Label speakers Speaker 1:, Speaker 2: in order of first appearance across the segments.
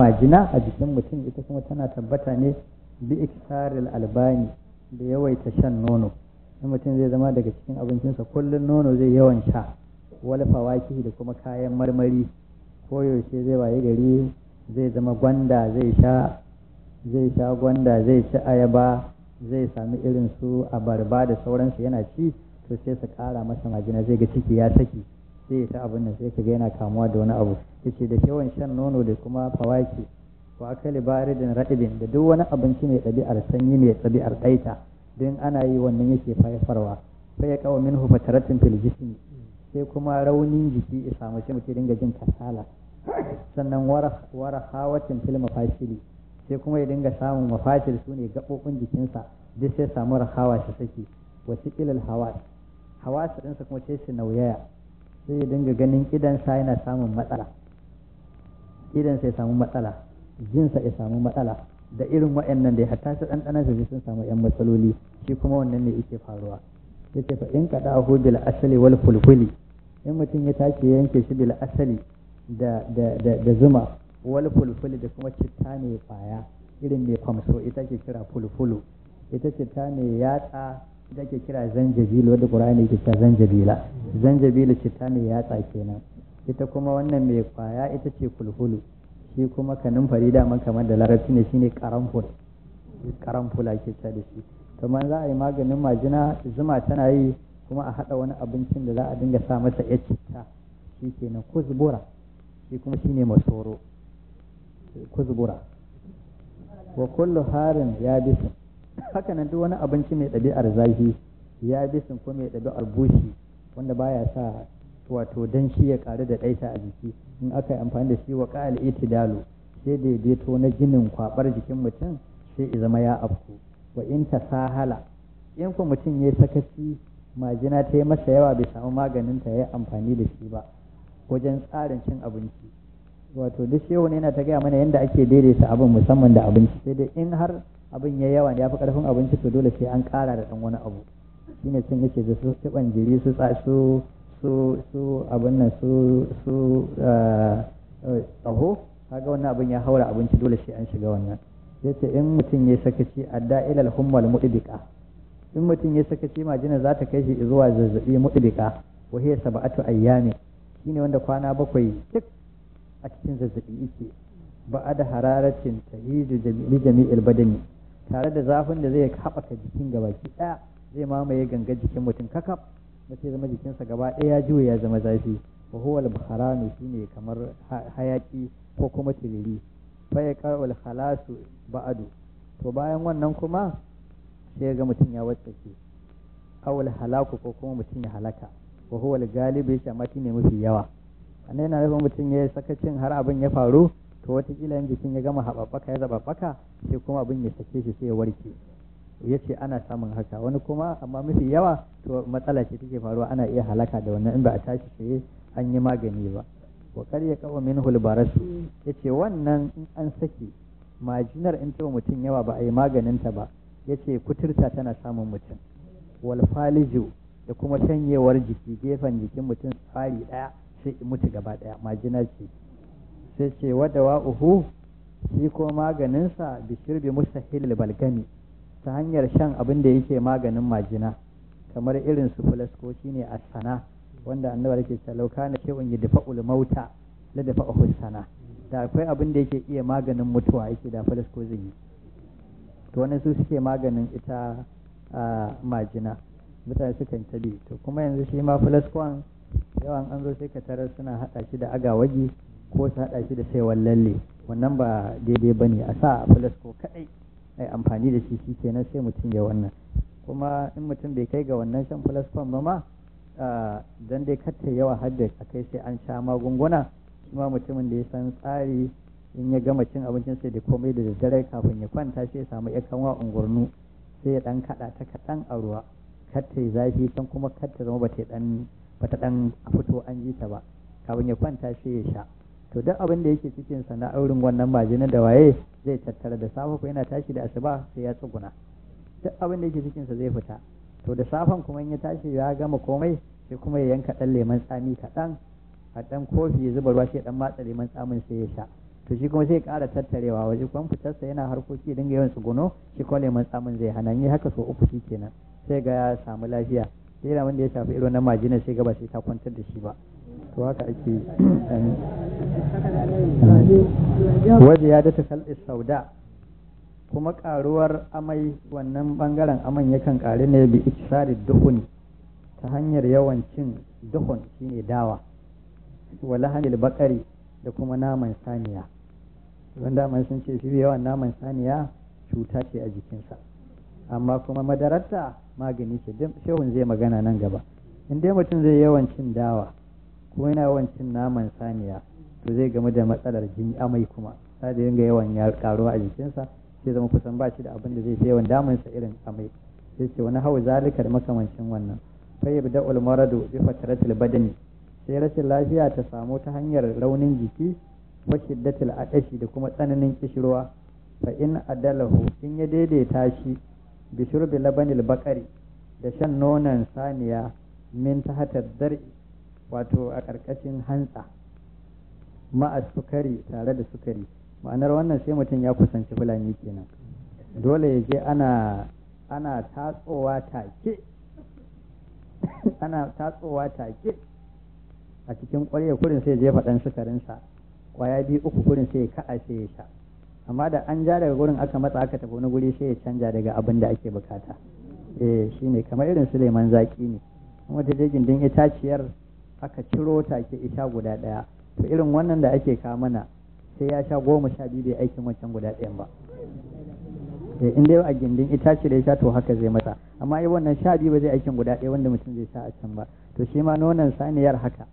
Speaker 1: majina a jikin mutum ita kuma tana tabbata ne bi iktaril albani da yawaita shan nono in mutum zai zama daga cikin abincinsa kullum nono zai yawan sha wal fawaki da kuma kayan marmari koyaushe zai waye gari zai zama gwanda zai sha zai sha gwanda zai ci ayaba zai sami irin su abarba da sauransu yana ci to sai su kara masa majina zai ga ciki ya saki sai ya ta abin nan sai ka ga yana kamuwa da wani abu yace da yawan shan nono da kuma fawaki wa akali baridin radibin da duk wani abinci mai ɗabi'ar sanyi mai ɗabi'ar ɗaita don ana yi wannan yake faifarwa fa ya kawo minhu fataratin fil sai kuma raunin jiki ya samu shi mutum dinga jin kasala sannan wara hawatin fil mafashili sai kuma ya dinga samun mafashil su ne gaɓoɓin jikinsa duk sai samu rahawa shi saki wasu ilal hawa hawa ɗinsa kuma sai su nauyaya sai ya dinga ganin idansa yana samun matsala idansa ya samu matsala jinsa ya samu matsala da irin wa'annan da ya hatta su ɗanɗanansa sai sun samu 'yan matsaloli shi kuma wannan ne yake faruwa ya ce in kaɗa hu bil asali wal fulfuli in mutum ya tashi yanke shi bil asali da, zuma wal fulfuli da kuma citta ne kwaya irin mai kwamso ita ce kira fulfulu ita citta ne yatsa da ke kira zanjabil wadda ƙura'ani ke kira zanjabila zanjabila citta mai yatsa kenan ita kuma wannan mai kwaya ita ce kulhulu shi kuma kanin fari dama kamar da larabci ne shine karamful karamfula ke ta da shi kamar za a yi maganin majina zuma tana yi kuma a haɗa wani abincin da za a dinga sa masa ya citta shi ke na kuzbura shi kuma shi ne masoro kuzbura wa kullu harin ya bisa. haka nan duk wani abinci mai ɗabi'ar zafi ya bi sun ko mai ɗabi'ar bushi wanda baya sa wato danshi ya ƙaru da ɗaita a jiki in aka yi amfani da shi wa ƙa'al itidalu sai daidaito na ginin kwabar jikin mutum sai ya zama ya afku wa in ta sahala in ko mutum ya sakaci majina ta yi masa yawa bai samu maganin ta ya amfani da shi ba wajen tsarin cin abinci wato duk shehu ne yana ta gaya mana yadda ake daidaita abin musamman da abinci sai dai in har abin ya yawa ya fi karfin abinci to dole sai an ƙara da ɗan wani abu shine sun yace da su tiban jiri su su su su abin nan su su eh, tsaho kaga wannan abin ya haura abinci dole sai an shiga wannan zai ce in mutum ya sakaci adda ilal hummal mudbika in mutum ya sakaci majina za ta kai shi zuwa zazzabi mudbika wa hiya sab'atu ayyami shine wanda kwana bakwai duk a cikin zazzabi yake ba'ada hararatin tahiju jami'il badani tare da zafin da zai haɓaka jikin gabaki ɗaya zai mamaye gangar jikin mutum kakaf ce zama jikinsa gaba ɗaya ya juya ya zama zafi wa huwa al-bukharanu shine kamar hayaki ko kuma tiriri fa ya al khalasu ba'adu to bayan wannan kuma sai ga mutum ya wattace awul halaku ko kuma mutum ya halaka wa huwa al-galibu shi amma ne mafi yawa annan yana nufin mutum ya yi sakacin har abin ya faru to watakila yin jikin ya gama haɓaɓɓaka ya zaɓaɓɓaka sai kuma abin ya sake shi sai ya warke ya ce ana samun haka wani kuma amma mafi yawa to matsala ce take faruwa ana iya halaka da wannan in ba a tashi sai an yi magani ba wa ya kawo min hulbarasu ya ce wannan in an sake majinar in ta mutum yawa ba a yi maganin ta ba ya ce kuturta tana samun mutum walfaliju da kuma shanyewar jiki gefen jikin mutum tsari ɗaya sai mutu gaba ɗaya majinar ce sai ce wadda wa uhu shi ko maganinsa bi shirbi mustahil balgami ta hanyar shan abin da yake maganin majina kamar irin su fulaskoci ne a sana wanda annaba yake na ke shay'un dafa ulmauta la dafa sana da akwai abin da yake iya maganin mutuwa yake da fulasko zai yi to wani su suke maganin ita a majina mutane sukan tabi to kuma yanzu shi ma fulaskon yawan an zo sai ka tarar suna haɗa shi da agawagi ko su haɗa shi da saiwar lalle wannan ba daidai ba ne a sa a falasko kaɗai a amfani da shi shi kenan sai mutum ya wannan kuma in mutum bai kai ga wannan shan filaskon ba ma dan dai katta yawa hadda a kai sai an sha magunguna kuma mutumin da ya san tsari in ya gama cin abincin sai da komai da daddare kafin ya kwanta sai ya samu ya kanwa ungurnu sai ya dan kaɗa ta kaɗan a ruwa katta zafi san kuma katta zama ba ta dan fito an ji ta ba kafin ya kwanta sai ya sha to duk abin da yake cikin sa na aurin wannan majinin da waye zai tattara da safe ko yana tashi da asuba sai ya tsuguna duk abin da yake cikin sa zai fita to da safan kuma in ya tashi ya gama komai sai kuma ya yanka dan leman tsami kaɗan a dan kofi ya zuba ruwa sai dan matsa lemon tsamin sai ya sha to shi kuma sai ƙara tattarewa waje kuma fitarsa yana harkoki dinga yawan tsuguno shi kuma leman tsamin zai hana ni haka so uku kenan sai ga ya samu lafiya sai da wanda ya shafi irin wannan majina sai gaba sai ta kwantar da shi ba to haka ake yi waje ya dace kalɗi sauda kuma ƙaruwar amai wannan ɓangaren aman yakan ƙari ne bi ikisari duhun ta hanyar yawan cin duhun shine dawa wala hanyar bakari da kuma naman saniya don daman sun ce fiye yawan naman saniya cuta ce a jikinsa amma kuma madararta magani ce shehun zai magana nan gaba in dai mutum zai yawan cin dawa ko yana yawan cin naman saniya to zai game da matsalar jini amai kuma ta da yin yawan ya karuwa a jikinsa sai zama kusan ba shi da abin da zai fi yawan damansa irin amai sai ce wani hau zalika da makamancin wannan sai ya bida maradu bi fatratil badani sai rashin lafiya ta samu ta hanyar raunin jiki wa shiddatil aqashi da kuma tsananin kishirwa fa in adalahu in ya daidaita shi bi shurbi labanil bakari da shan nonon saniya min tahatar dar'i wato a ƙarƙashin hantsa ma'a sukari tare da sukari ma'anar wannan sai mutum ya kusanci fulani kenan dole ya je ana tatsowa take ana tatsowa take a cikin ƙwarya kurin sai je faɗan sukarinsa ƙwaya biyu uku kurin sai ya ka'a sai ya sha amma da an ja daga gurin aka matsa aka tafi wani guri sai ya canja daga abin da ake bukata eh shine kamar irin Suleiman zaki ne kuma ta je gindin itaciyar aka ciro ta take isha guda ɗaya to irin wannan da ake ka mana sai ya sha goma sha biyu bai aikin wancan guda ɗayan ba eh, in dai a gindin ce da ya sha to haka zai mata amma ai wannan sha biyu ba zai aikin guda ɗaya wanda mutum zai sha a can ba to shi ma nonon saniyar haka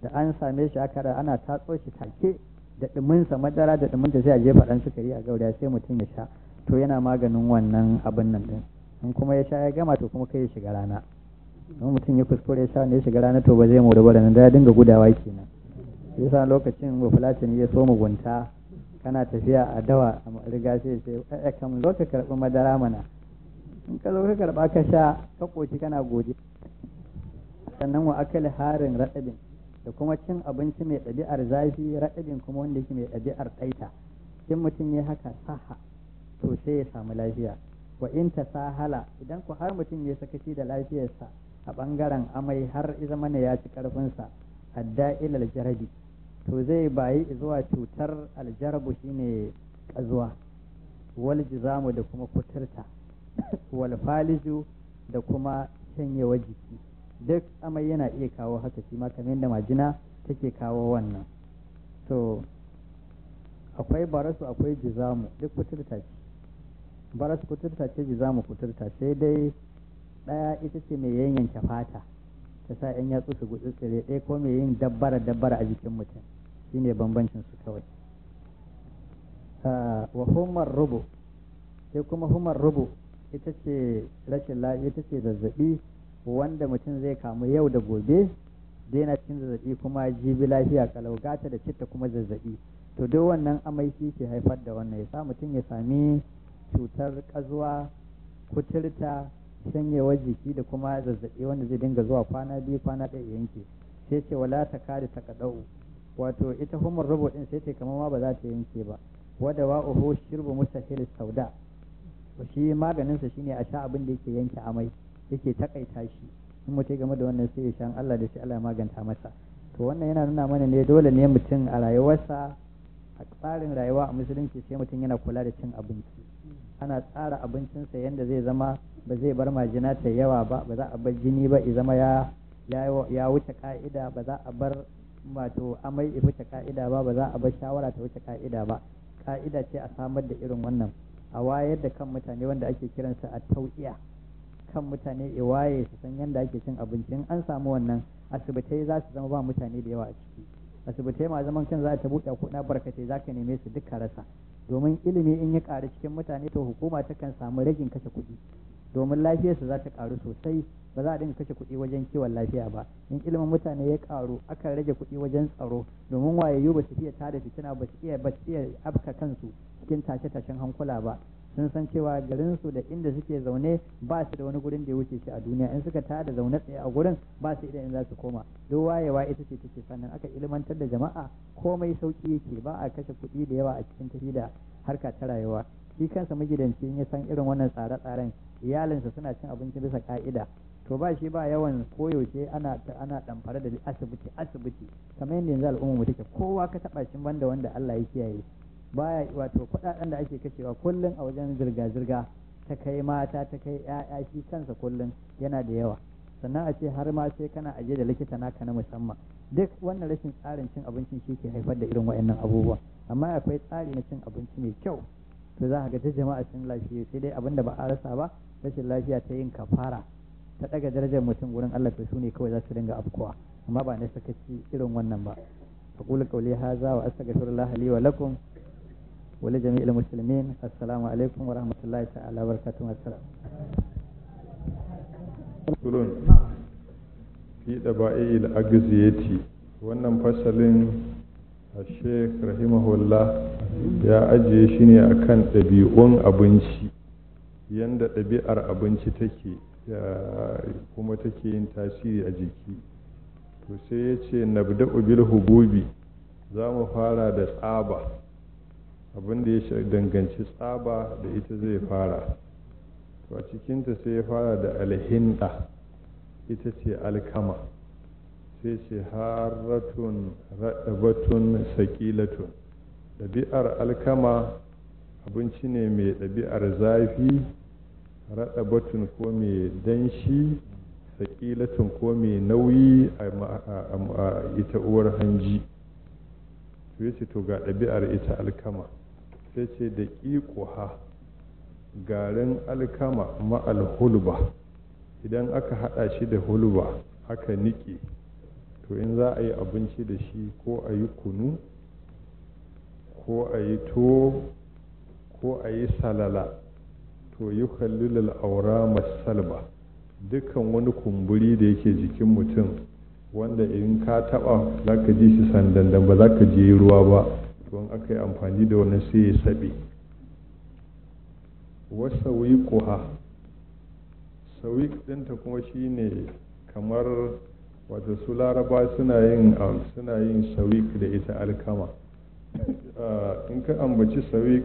Speaker 1: da an same shi aka da ana tatso shi take da ɗuminsa madara da ɗuminta sai a jefa ɗan sukari a gaura sai mutum ya sha to yana maganin wannan abin nan ɗin in kuma ya sha ya gama to kuma kai ya shiga rana kuma mutum ya kuskure sha ne shiga ranar to ba zai mu ba da nan da ya dinga gudawa kenan yasa lokacin bafulatin ya so mugunta kana tafiya a dawa a riga sai sai ai eh, eh, kam zo ka karbi madara mana in ka zo ka karba ka sha ka koki kana gode sannan wa akali harin raɗabin da kuma cin abinci mai ɗabi'ar zafi raɗabin kuma wanda yake mai ɗabi'ar ɗaita in mutum ya haka saha to sai ya samu lafiya wa in ta sahala idan ku har mutum ya sakaci da lafiyarsa a ɓangaren amai har zama ne ya ci ƙarfinsa adda da'ilar jarabi to zai bayi zuwa cutar aljarabu shine kazuwa wal jizamu da kuma kuturta wal da kuma shanyewa jiki duk amai yana iya kawo haka shi ma kamar yadda majina take kawo wannan to akwai barasu akwai jizamu duk kuturta ce barasu kuturta ce jizamu kuturta sai dai ɗaya ita ce mai yanyanke fata ta sa in yatsu su guji tsire ɗaya ko mai yin dabbara dabbara a jikin mutum shine bambancin su kawai ah, wa humar rubu sai kuma humar rubu ita ce rashin lafiya ita ce zazzabi wanda mutum zai kamu yau da gobe daina cikin zazzabi kuma jibi lafiya kalau gata da citta kuma zazzabi to duk wannan amai shi ke haifar da wannan ya sa mutum ya sami cutar kazuwa kuturta shanyewar jiki da kuma zazzaɓi wanda zai dinga zuwa kwana biyu kwana ɗaya yanke sai ce wala ta kare ta kaɗau wato ita humar rubu ɗin sai ce kamar ma ba za ta yanke ba wadda wa uhu shirbu mustahil sauda shi maganinsa shine a sha abin da yake yanke amai yake takaita shi in mutu game da wannan sai ya sha Allah da shi Allah maganta masa to wannan yana nuna mana ne dole ne mutum a rayuwarsa a tsarin rayuwa a musulunci sai mutum yana kula da cin abinci ana tsara abincinsa yadda zai zama ba zai bar majina ta yawa ba ba za a bar jini ba zama ya ya wuce ka'ida ba za a bar wato amai ya wuce ka'ida ba ba za a bar shawara ta wuce ka'ida ba ka'ida ce a samar da irin wannan a wayar da kan mutane wanda ake kiransa a tau'iya kan mutane ya waye su san yadda ake cin abinci an samu wannan asibitai za su zama ba mutane da yawa a ciki asibitai ma zaman kan za ta buɗe ko na barkatai za ka neme su duka rasa domin ilimi in ya ƙaru cikin mutane to hukuma takan samu ragin kashe kuɗi domin lafiyarsu za ta ƙaru sosai ba za a dinga kashe kuɗi wajen kiwon lafiya ba in ilimin mutane ya ƙaru akan rage kuɗi wajen tsaro domin wayayyu ba su iya tada fitina ba su iya ba su iya abka kansu cikin tashe-tashen hankula ba sun san cewa garinsu da inda suke zaune ba su da wani gurin da ya wuce shi a duniya in suka tada zaune tsaye a gurin ba su idan za su koma duk wayewa ita ce take sannan aka ilmantar da jama'a komai sauki yake ba a kashe kuɗi da yawa a cikin tafi da harka ta rayuwa shi kansa magidanci in ya san irin wannan tsare-tsaren iyalinsa suna cin abinci bisa ka'ida to ba shi ba yawan koyaushe ana ana damfare da asibiti asibiti kamar yadda yanzu al'umma mu take kowa ka taba shi banda wanda Allah ya kiyaye baya wato kuɗaɗen da ake kashewa kullum a wajen zirga-zirga ta kai mata ta kai ya'ya shi kansa kullum yana da yawa sannan a ce har ma sai kana aje da likita naka na musamman duk wannan rashin tsarin cin abincin shi ke haifar da irin wa'annan abubuwa amma akwai tsari na cin abinci mai kyau to za ka ga ta jama'a sun lafiya sai dai abin da ba a rasa ba rashin lafiya ta yin kafara ta daga darajar mutum wurin Allah to shine kawai za su dinga afkuwa amma ba na sakaci irin wannan ba aqulu qawli hadha wa astaghfirullah li wa lakum ولجميع المسلمين السلام عليكم ورحمة الله تعالى وبركاته والسلام
Speaker 2: في دبائي wannan fasalin a sheik rahimahullah ya ajiye shi ne kan ɗabi'un abinci yadda ɗabi'ar abinci take kuma take yin tasiri a jiki to sai ya ce nabda'u bil hububi za mu fara da tsaba abin da ya danganci tsaba da ita zai fara to a cikinta sai ya fara da alhinda ita ce alkama sai ce haratun raɗabatun sakilatun ɗabi'ar alkama abinci ne mai ɗabi'ar zafi raɗabatun ko mai danshi sakilatun ko mai nauyi a ita uwar hanji to ce to ga ɗabi'ar ita alkama sai ce da ƙiƙuha garin alkama ma'al hulba idan aka haɗa shi da hulba aka niƙe to in za a yi abinci da shi ko a yi kunu ko a yi to ko a yi salala to yi kallilal aura masalba dukkan wani kumburi da yake jikin mutum wanda in ka taɓa za ka ji shi sandan, ba za ka je ruwa ba tuwon aka yi amfani da wani sai ya saɓe wasa koha sauyi ɗinta kuma shi ne kamar wata su laraba suna yin um, suna da ita alkama ah, in ka ambaci sauyi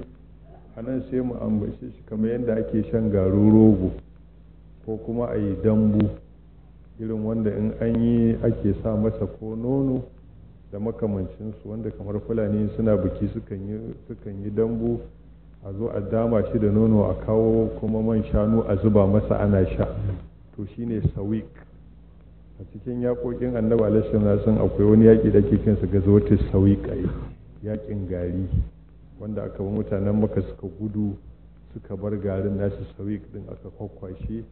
Speaker 2: a nan sai mu ambaci shi kamar yadda ake shan garin rogo ko kuma a yi dambu irin wanda in an yi ake sa masa ko nono da makamancinsu wanda kamar fulani suna biki sukan yi dambu a zo a dama shi da nono a kawo kuma man shanu a zuba masa ana sha to shine sawik a cikin yaƙoƙin annabi alaihi na akwai wani yaki da ke kinsa ga sawik sawiƙai yaƙin gari wanda aka bi mutanen maka suka gudu suka bar garin nasu sawik din aka kwakwashe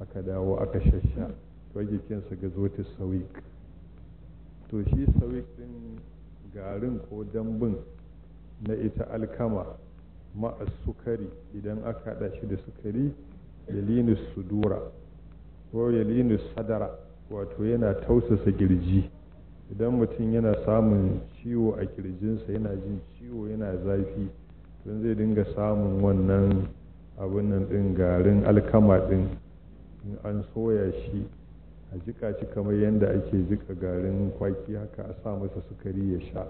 Speaker 2: aka dawo aka shasha to ake kinsa ga zotis sawik. to shi sauik din garin ko dambun na ita alkama ma'a sukari idan aka haɗa shi da sukari yalinus sudura ko yalinus sadara wato yana tausasa girji idan mutum yana samun ciwo a kirjinsa yana jin ciwo yana zafi don zai dinga samun wannan abin nan ɗin garin alkama ɗin in an soya shi a jika shi kamar yadda ake jika garin kwaki haka a sa masa sukari ya sha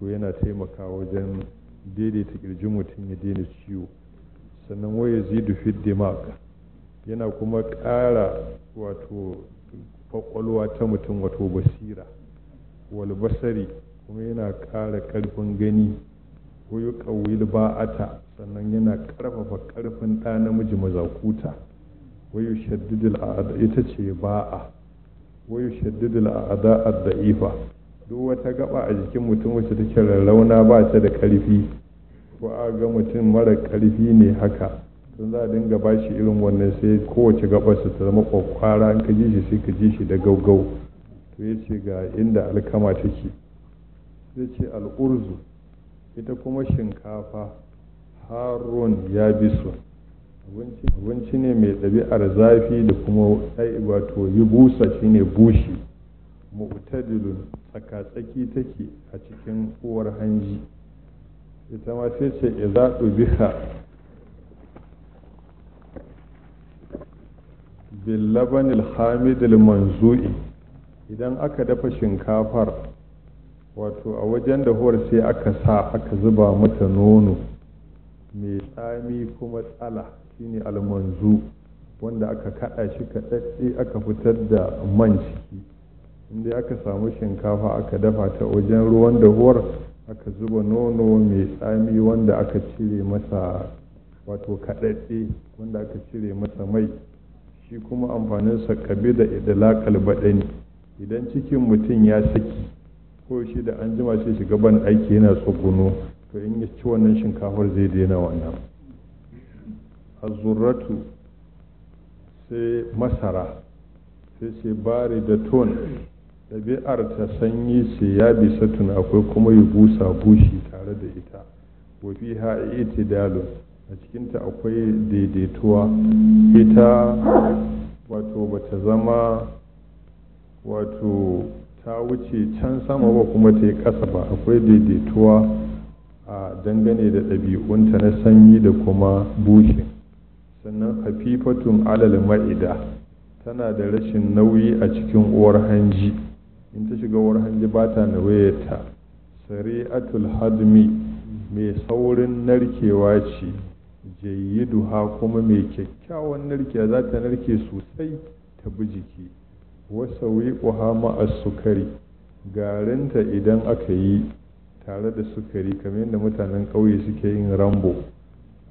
Speaker 2: to yana taimakawa wajen daidaita kirjin mutum ya daina ciwo sannan waya zidu dufi dimag yana kuma ƙara wato kwakwalwa ta mutum wato basira walbasari kuma yana ƙara ƙarfin gani wayo ƙawil ba'ata sannan yana ƙarfafa ƙarfin ɗa namiji mazakuta wayo shaddidil a'ada ita ce ba'a wa yushaddid al'ada ad-da'ifa duk wata gaba a jikin mutum wacce take rarrauna ba ta da karfi ko a ga mutum mara karfi ne haka Don za a dinga ba shi irin wannan sai kowace gaba su ta zama kwakwara in ka ji shi sai ka ji shi da gaugau to ya ce ga inda alkama take zai ce al'urzu ita kuma shinkafa harun ya bi su abinci ne mai ɗabi'ar zafi da kuma wato yi busa shine bushi mu'tadilun tsakatsaki take a cikin uwar hanji ita ma sai ce ya dubiha bil labanil hamidil manzu'i idan aka dafa shinkafar wato a wajen dahuwar sai aka sa aka zuba mata nono mai tsami kuma tsala shine almanzu wanda aka kada shi kaɗaɗɗe aka fitar da man ciki inda aka samu shinkafa aka dafa ta wajen ruwan dahuwar aka zuba nono mai tsami wanda aka cire masa wato kaɗaɗɗe wanda aka cire masa mai shi kuma amfaninsa kabe da idalakal baɗani idan cikin mutum ya saki ko shi da an jima sai shiga ban aiki yana tsuguno to in ya ci wannan shinkafar zai daina wannan azurratu sai masara sai ce bari da ton ɗabi'ar ta sanyi ce ya bisa tun akwai kuma yi busa bushi tare da ita wafi ha ita dalo a cikinta akwai daidaituwa ita wato bata zama wato ta wuce can sama ba kuma ta yi ƙasa ba akwai daidaituwa a dangane da ɗabi'unta na sanyi da kuma bushin sannan hafifatun alal ma'ida tana da rashin nauyi a cikin uwar hanji in ta shiga uwar hanji ba ta nauyarta Atul hadmi mai saurin narkewa ce ha, kuma mai kyakkyawan narkewa za ta narke sosai ta bi jiki wasa wiƙuha ma'as sukari garinta idan aka yi tare da sukari kamar yadda mutanen ƙauye suke yin rambo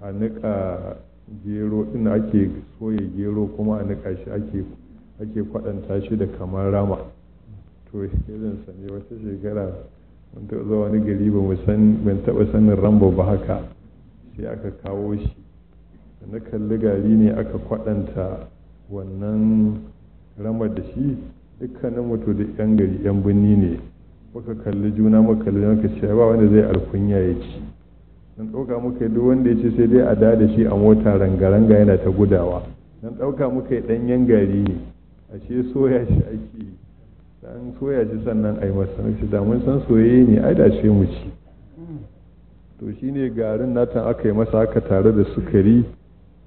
Speaker 2: a niƙa gero ɗin ake soya gero kuma a niƙa shi ake ake kwaɗanta shi da kamar rama to irin sanye wata shekara mun taɓa zuwa wani gari ba ban taɓa sanin rambo ba haka sai aka kawo shi na kalli gari ne aka kwaɗanta wannan ramar da shi dukkanin mutu da yan gari yan birni ne muka kalli juna muka kalli muka ce ba wanda zai alkunya ya ci don ɗauka muka duk wanda ya ce sai dai a da da shi a mota rangaranga yana ta gudawa don ɗauka muka ɗanyen gari ne ashe soya shi ake yi soya shi sannan a yi masa shi da mun san soyayye ne ai da ce mu ci to shine garin natan aka yi masa haka tare da sukari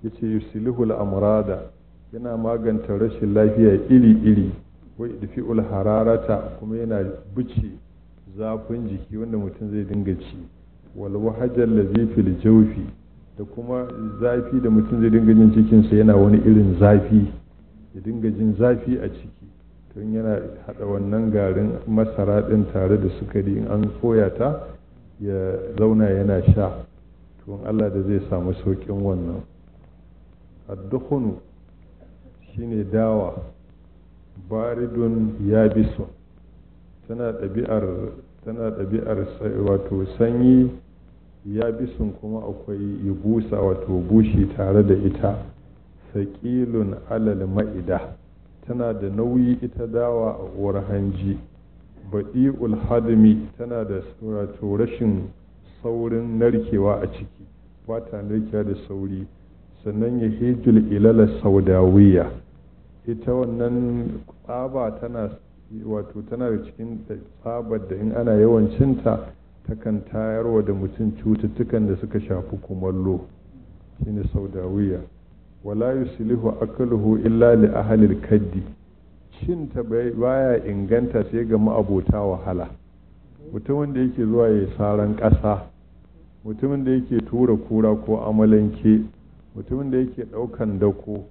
Speaker 2: ya ce yusilihul amrada yana maganta rashin lafiya iri-iri wai dafi'ul hararata kuma yana buce zafin jiki wanda mutum zai dinga ci walwahajar lazifil jaufi da kuma zafi da mutum zai dinga jin cikinsa yana wani irin zafi ya dinga jin zafi a ciki tun yana haɗa wannan garin masara ɗin tare da sukari in an koya ta ya zauna yana sha tun allah da zai samu sauƙin wannan addukunu shine dawa baridun yabisun tana ɗabi'ar tana ɗabi'ar wato sanyi ya bisun kuma akwai busa wato bushi tare da ita saƙilun alal ma'ida tana da nauyi ita dawa a uwar hanji baɗi'ul ulhadmi tana da wato rashin saurin narkewa a ciki ba ta narkewa da sauri sannan ya hijul ilala saudawiya ita wannan tsaba tana wato tana da cikin tsabar da in ana yawan cinta takan tayarwa da mutum cututtukan da suka shafi kumallo shine wuya. wala yuslihu akaluhu illa li ahalil kaddi cinta baya inganta sai ga ma'abota wahala mutumin da yake zuwa ya saran ƙasa mutumin da yake tura kura ko amalanke mutumin da yake ɗaukan dako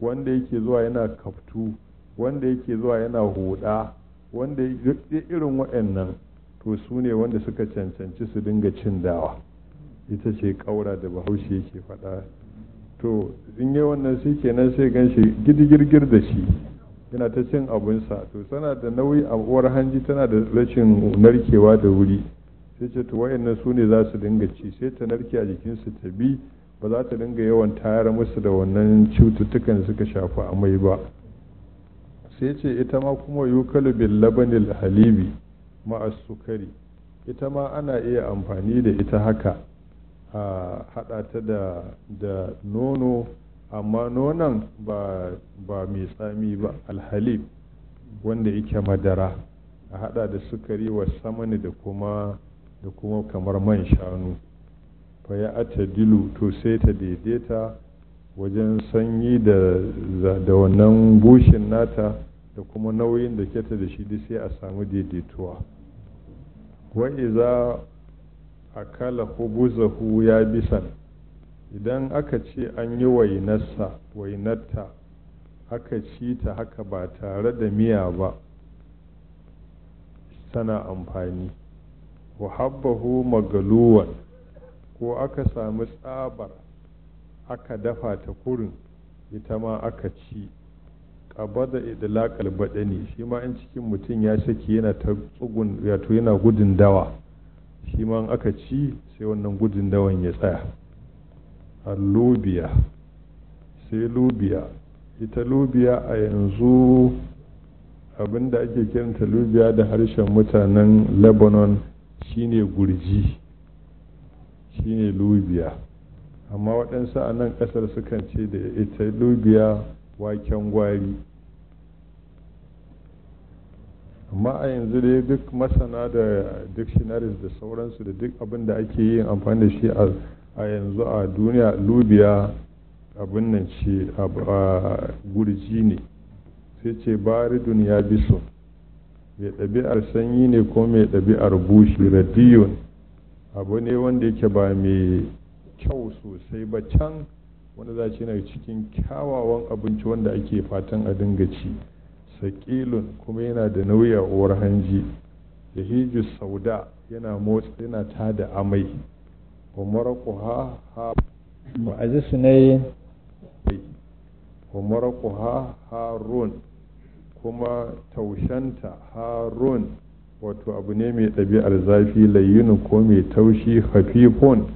Speaker 2: wanda yake zuwa yana kaftu wanda yake zuwa yana huda wanda irin waɗannan to su ne wanda suka cancanci su dinga cin dawa ita ce kaura da bahaushe yake faɗa to in yi wannan shi kenan sai gan shi girgir da shi yana ta cin abinsa to tana da nauyi a uwar hanji tana da rashin narkewa da wuri sai ce to wayannan su ne za su dinga ci sai ta narke a jikinsu ta bi ba za ta dinga yawan tayar musu da wannan cututtukan suka shafa amai ba sai ce ita ma kuma yukalu bil labanil halibi ma'as sukari ita ma ana iya amfani da ita haka a haɗa ta da da nono amma nonon ba ba mai tsami ba alhalib wanda yake madara a haɗa da sukari wa samani da kuma da kuma kamar man shanu fa ya ata dilu to sai ta daidaita wajen sanyi da da wannan bushin nata da kuma nauyin da ke ta da shi sai a samu daidaituwa wa iza akala hubuzahu ya bisan idan aka ce an yi wainarsa wainarta aka ci ta haka ba tare da miya ba tana amfani wa habbahu magaluwan ko aka sami tsabar aka dafa ta kurin ita ma aka ci abada idlaqal badani shi ma in cikin mutum ya saki yana ta tsugun wato yana gudun dawa shi ma in aka ci sai wannan gudun dawan ya tsaya alubiya sai lubiya ita lubiya a yanzu abinda ake kiranta lubiya da harshen mutanen lebanon shine gurji shine lubiya amma waɗansu a nan ƙasar sukan ce da ita lubiya waken gwari amma a yanzu dai duk masana da dictionaries da sauransu da duk abin da ake yin amfani da shi a yanzu a duniya lubiya abin nan ce a gurji ne sai ce baridun ya biso mai ɗabi'ar sanyi ne ko mai ɗabi'ar bushi radiyon abu ne wanda yake ba mai kyau sosai ba can wanda za ce na cikin kyawawan abinci wanda ake fatan a dinga ci saƙilun kuma yana da nauyi a hanji da hiji sauda yana motsa yana tada amai wa ha harun kuma taushanta harun wato abu ne mai ɗabi'ar zafi layyinu ko mai taushi hafifon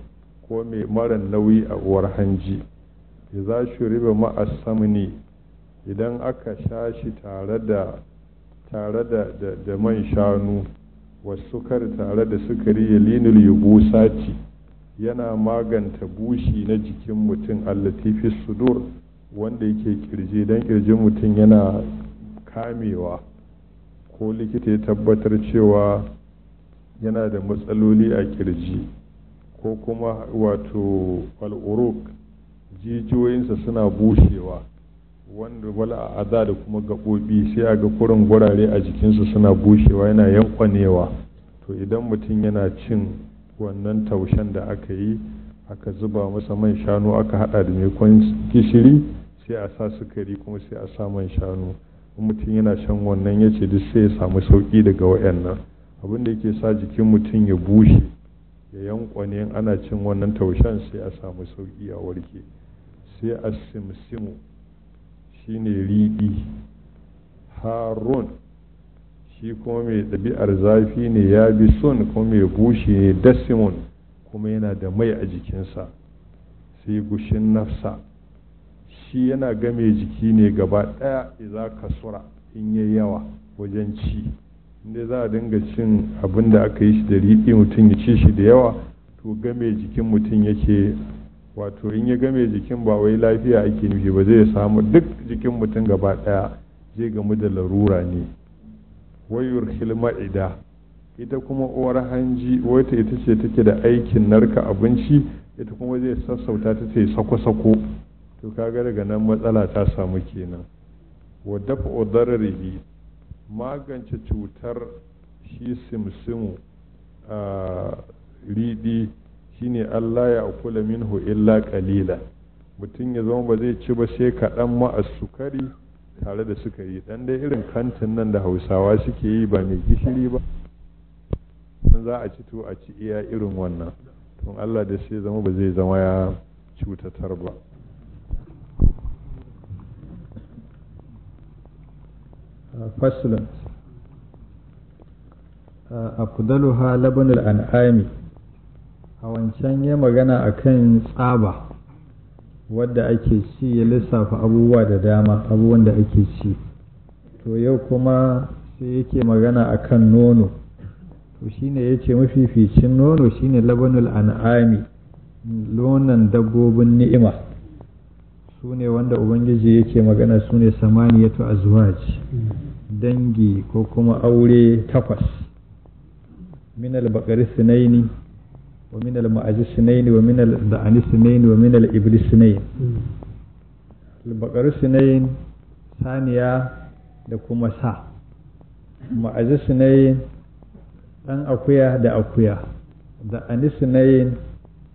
Speaker 2: ko mai mara nauyi a uwar hanji za shuriba ma'asamni idan aka sha shi tare da da man shanu wasu wasukar tare da sukari ya linul yubusati yana maganta bushi na jikin mutum allatifi sudur wanda yake kirje don kirjin mutum yana kamewa ko likita ya tabbatar cewa yana da matsaloli a kirji ko kuma wato al'uruk jijiyoyinsa suna bushewa wanda wala a da kuma gaɓoɓi sai a ga kurin gurare a jikinsa suna bushewa yana yankwanewa to idan mutum yana cin wannan taushen da aka yi aka zuba masa man shanu aka haɗa da mai gishiri sai a sa sukari kuma sai a sa man shanu in mutum yana shan wannan ya ce duk sai ya samu sauƙi daga waɗannan abin da yake sa jikin mutum ya bushe ya yankwane ana cin wannan taushen sai a samu sauƙi a warke sai asimsimu shine riɗi harun shi kuma mai ɗabi'ar zafi ne ya bi sun kuma mai bushe ne dasimun kuma yana da mai a jikinsa sai gushin nafsa shi yana game jiki ne gaba ɗaya za ka sura in yi yawa wajen ci inda za a dinga cin abin da aka yi shi da riɗi mutum ya ci shi da yawa to game jikin mutum yake wato in ya game jikin ba wai lafiya ake nufi ba zai samu duk jikin mutum gaba ɗaya zai gamu da larura ne wayur ma'ida ita kuma uwar hanji wata ita ce take da aikin narka abinci ita kuma zai sassauta ta ce sako-sako to kaga daga nan matsala ta samu kenan wa dafa odararihi magance cutar shi simsimu a ah, shine Allah ya min minhu illa kalila mutum ya zama ba zai ci ba sai kaɗan ma sukari tare da sukari dan dai irin kantin nan da Hausawa suke yi ba mai gishiri ba za a ci to a ci iya irin wannan to Allah da sai zama ba zai zama ya cutatar ba فصل
Speaker 3: أفضلها لبن الأنعام a wancan ya magana a kan tsaba wadda ake ci ya lissafa abubuwa da dama abubuwan da ake ci to yau kuma sai yake magana a kan nono to shine ya ce mafificin nono shine labanul an'ami lonan dabbobin ni'ima su ne wanda ubangiji yake magana su ne samaniyatu azwaj dangi ko kuma aure takwas min al sinaini ومن المعز السنين ومن الدعن السنين ومن الإبل السنين البقر السنين ثانية لكم سا معز السنين ɗan akuya da akuya da anisinayin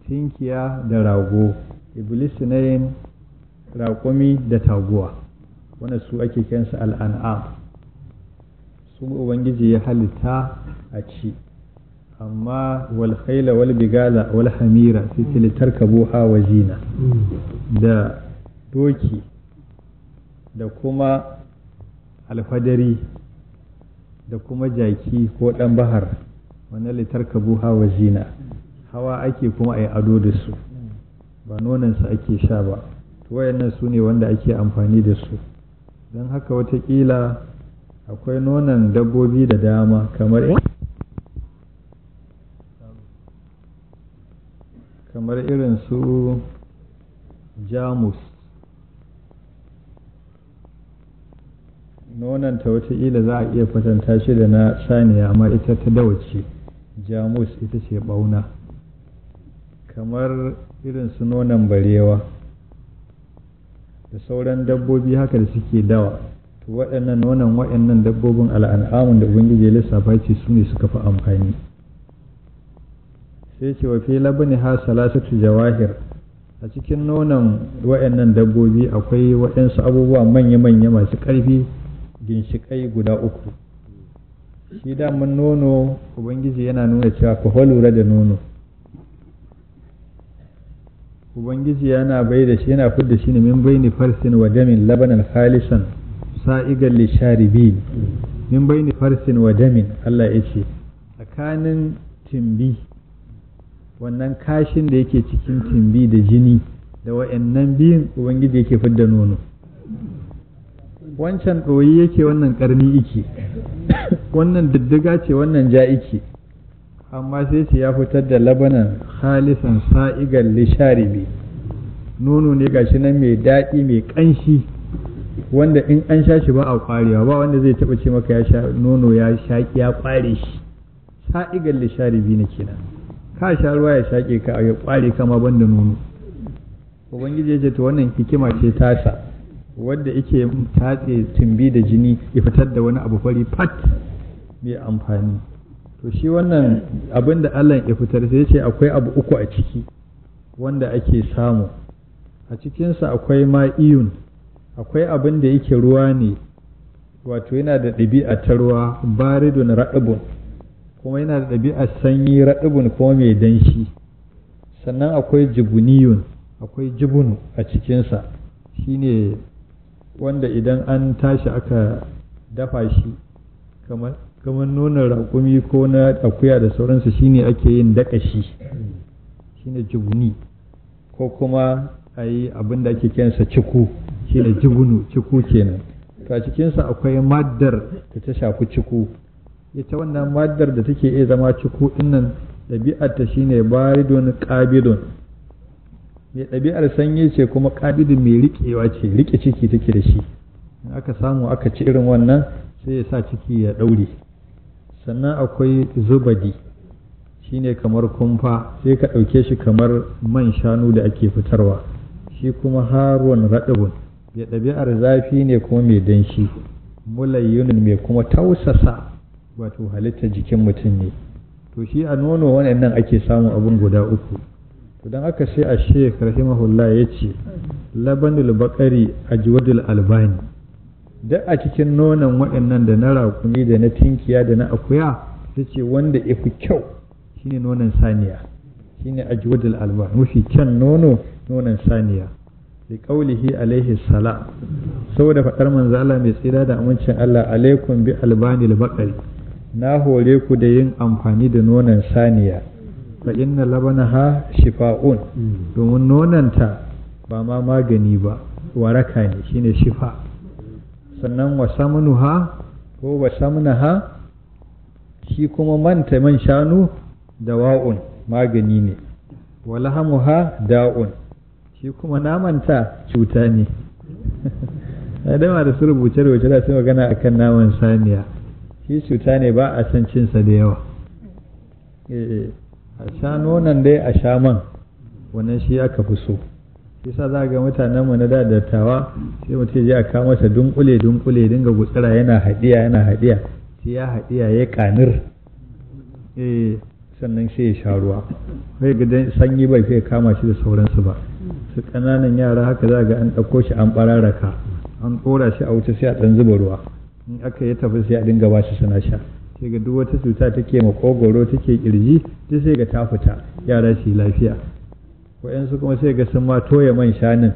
Speaker 3: tinkiya da rago iblisinayin raƙumi da taguwa wannan su ake kansu al'an'am su ubangiji ya halitta a ci amma walhaila khayla wal bigala wal hamira sai ce litarkabuha wa zina da doki da kuma alfadari da kuma jaki ko ɗan bahar wannan buha wa zina hawa ake kuma a yi ado da su ba nonansu ake sha ba to wayannan su ne wanda ake amfani da su don haka watakila akwai nonan dabbobi da dama kamar kamar irin su jamus ta wataƙila za a iya kwatanta shi da na saniya amma ita ta dawace jamus ita ce ɓauna kamar irin su nonan barewa da sauran dabbobi haka da suke dawa to waɗannan nonan waɗannan dabbobin al'an'amun da ubangiji ya lissafa ce su ne suka fi amfani sai ce wa fi labani ha salasatu jawahir a cikin nonon wayannan dabbobi akwai waɗansu abubuwa manya-manya masu ƙarfi ginshiƙai guda uku shi daman nono ubangiji yana nuna cewa ku lura da nono ubangiji yana bai da shi yana fidda shi ne min baini farsin wa damin labanan khalisan sa'igan lisharibin min baini farsin wa damin Allah ya ce tsakanin timbi wannan kashin da yake cikin timbi da jini da wa'annan biyun ubangiji yake fidda nono wancan ɗoyi yake wannan ƙarni iki wannan diddiga ce wannan ja iki amma sai ce ya fitar da labanan halisan sa'igar lisharibi nono ne gashi nan mai daɗi mai ƙanshi wanda in an sha shi ba a kwarewa ba wanda zai taɓa ce maka nono ya shaƙi ya ƙware shi saigar lisharibi na kenan ka sha ruwa ya shaƙe ka ya ƙware kama banda nono ubangiji ya ce to wannan hikima ce tasa wadda yake tatse tumbi da jini ya fitar da wani abu fari fat mai amfani to shi wannan abin da Allah ya fitar sai ce akwai abu uku a ciki wanda ake samu a cikinsa akwai ma'iyun akwai abin da yake ruwa ne wato yana da ɗabi'a ta ruwa baridun raɗabun kuma yana da ɗabi'ar sanyi raɗubun kuma mai danshi sannan akwai jibuniyun akwai jibun a cikinsa shine wanda idan an tashi aka dafa shi kamar nonon raƙumi ko na akuya da sauransu shine ake yin shi shine jibuni ko kuma a yi abin da ake kiransa ciku shine jibunu ciku kenan to a cikinsa akwai maddar da ta shafi ciku ita wannan madar da take iya zama ciko dinnan ɗabi'arta shine baridun qabidun mai ɗabi'ar sanyi ce kuma qabidun mai riƙewa ce riƙe ciki take da shi in aka samu aka ci irin wannan sai ya sa ciki ya ɗaure sannan akwai zubadi shine kamar kumfa sai ka ɗauke shi kamar man shanu da ake fitarwa shi kuma harun raɗabun mai ɗabi'ar zafi ne kuma mai danshi mulayyunin mai kuma tausasa wato halitta jikin mutum ne to shi a nono nan ake samun abun guda uku to don aka sai a shek rahimahullah ya ce labanul bakari ajwadul albani Da a cikin nonon waɗannan da na raƙumi da na tinkiya da na akuya su ce wanda ya kyau shine nonon saniya shine ajwadul albani mafi kyan nono nonon saniya da kaulihi alaihi salam saboda faɗar manzo Allah mai tsira da amincin Allah alaikum bi albani bakari na hore ku da yin amfani da nonon saniya fa inna ha shifa'un mm. domin nonanta ba ma magani ba waraka ne shine shifa sannan wa ha ko wa ha. shi kuma manta man shanu da wa'un magani ne wa lahamuha da'un shi kuma namanta cuta ne adama da su rubuce-rubuce da su magana akan naman saniya shi cuta ne ba a san cinsa da yawa eh, a sha nonon dai a sha man wannan shi ya kafi so yasa za ga mutanen mu na da dattawa sai mutum ya kama sa dunkule dunkule dinga gutsira yana hadiya yana hadiya sai ya hadiya ya kanir eh sannan sai ya sha ruwa sai ga sanyi bai sai kama shi da sauransu ba su kananan yara haka za ga an ɗauko shi an bararraka an tsora shi a wuce sai a ɗan zuba ruwa in aka yi tafi sai a dinga ba shi suna sha sai ga duk wata cuta take makogoro take kirji duk sai ga ta fita yara su lafiya waɗansu kuma sai ga sun ma toya man shanin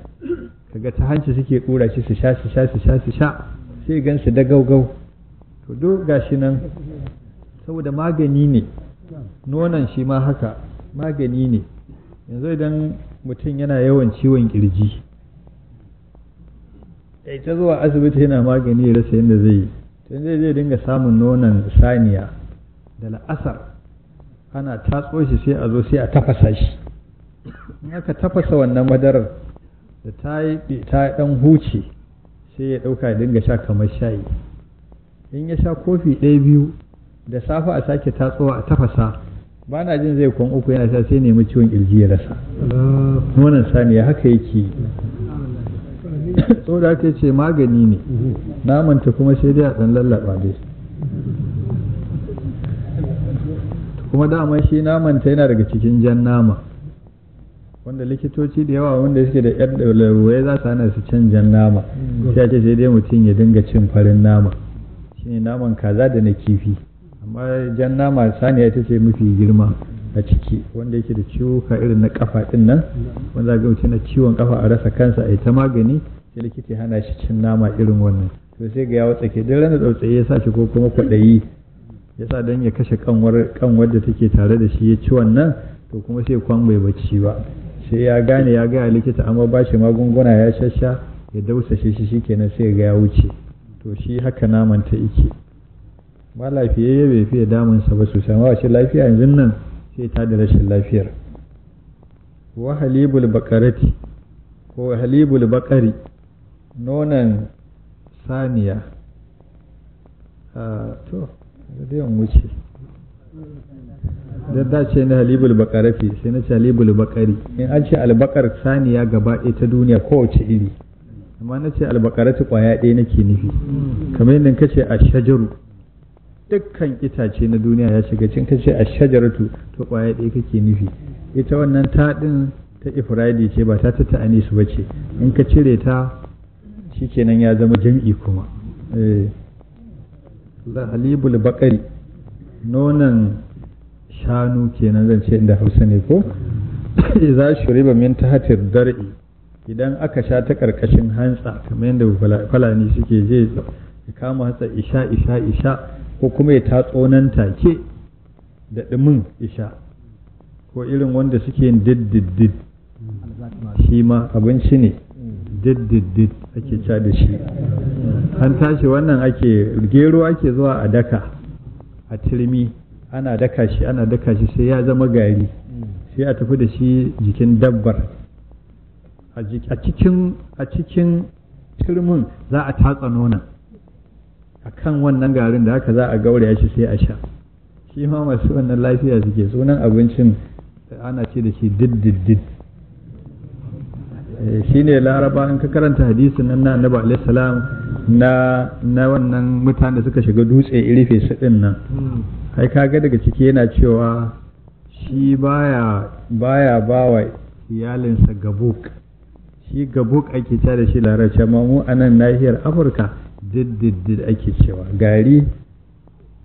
Speaker 3: kaga ta hanci suke kura shi su sha su sha su sha su sha sai gan su da gaugau to duk gashi nan saboda magani ne nonon shi ma haka magani ne yanzu idan mutum yana yawan ciwon kirji ya ta zuwa asibiti yana magani ya rasa yadda zai yi tun zai zai dinga samun nonon saniya da la'asar ana tatso shi sai a zo sai a tafasa shi in aka tafasa wannan madarar da ta yi ta dan huce sai ya ɗauka ya dinga sha kamar shayi in ya sha kofi ɗaya biyu da safe a sake tatsowa a tafasa ba na jin zai kwan uku yana sha sai nemi ciwon kirji ya rasa
Speaker 4: nonon saniya haka
Speaker 3: yake da ake ce magani ne namanta kuma sai dai a ɗan lallaba dai kuma dama shi namanta yana daga cikin jan nama wanda likitoci da yawa wanda suke da yar ɗaurarwaye za su hana su can jan nama sai ce sai dai mutum ya dinga cin farin nama shi ne naman kaza da na kifi amma jan nama saniya ita ce mafi girma a ciki wanda yake da ka irin na kafa din nan wanda ga mutum na ciwon kafa a rasa kansa a ita magani sai likita ya hana shi cin nama irin wannan to sai ga ya ke duk ranar tsautsayi ya sa shi ko kuma kwaɗayi ya sa don ya kashe kanwar kanwar da take tare da shi ya ci wannan to kuma sai kwan bai bacci ba sai ya gane ya gaya likita amma ba shi magunguna ya shasha ya dausashe shi shikenan sai ga ya wuce to shi haka naman ta ike ba lafiyayye bai fiye damunsa ba sosai amma shi lafiya yanzu nan sai ta da rashin lafiyar wa halibul bakarati ko halibul bakari nonon saniya ah, to da wuce da ce na halibul bakarafi sai na ce halibul bakari in an ce albakar saniya gaba ɗaya ta duniya kowace iri amma na ce albakarati kwaya ɗaya nake nufi kamar yadda ka ce a shajaru dukkan itace na duniya ya shiga cin ka ce a shajaratu to kwaya ɗaya kake nufi ita wannan taɗin ta ifradi ce ba ta ta ta'ani su ba ce in ka cire ta shikenan ya zama jam'i kuma eh. halibul bakari nonon shanu kenan zan ce inda hausa ne ko za shi riba min tahatir dar'i idan aka sha ta karkashin hantsa kamar yadda falani suke je ya kama hatsa isha isha isha ko kuma ya tatso nan take da ɗumin isha ko irin wanda suke yin diddiddid shi ma abinci ne diddid ake ca da shi an tashi wannan ake gero ake zuwa a daka a turmi ana daka shi ana daka shi sai ya zama gari sai a tafi da shi jikin dabbar a cikin a cikin turmin za a tatsa nonon a kan wannan garin da haka za a gauraya shi sai a sha shi ma masu wannan lafiya suke sunan abincin ana ce da shi diddiddid shine laraba in ka karanta hadisin nan na annabi alaihi salam na na wannan mutane suka shiga dutse irife su din nan hmm. ai kaga daga ciki yana cewa shi baya baya bawa iyalinsa gabuk shi gabuk ake ta da shi larabci amma mu a nan nahiyar afirka diddiddid ake cewa gari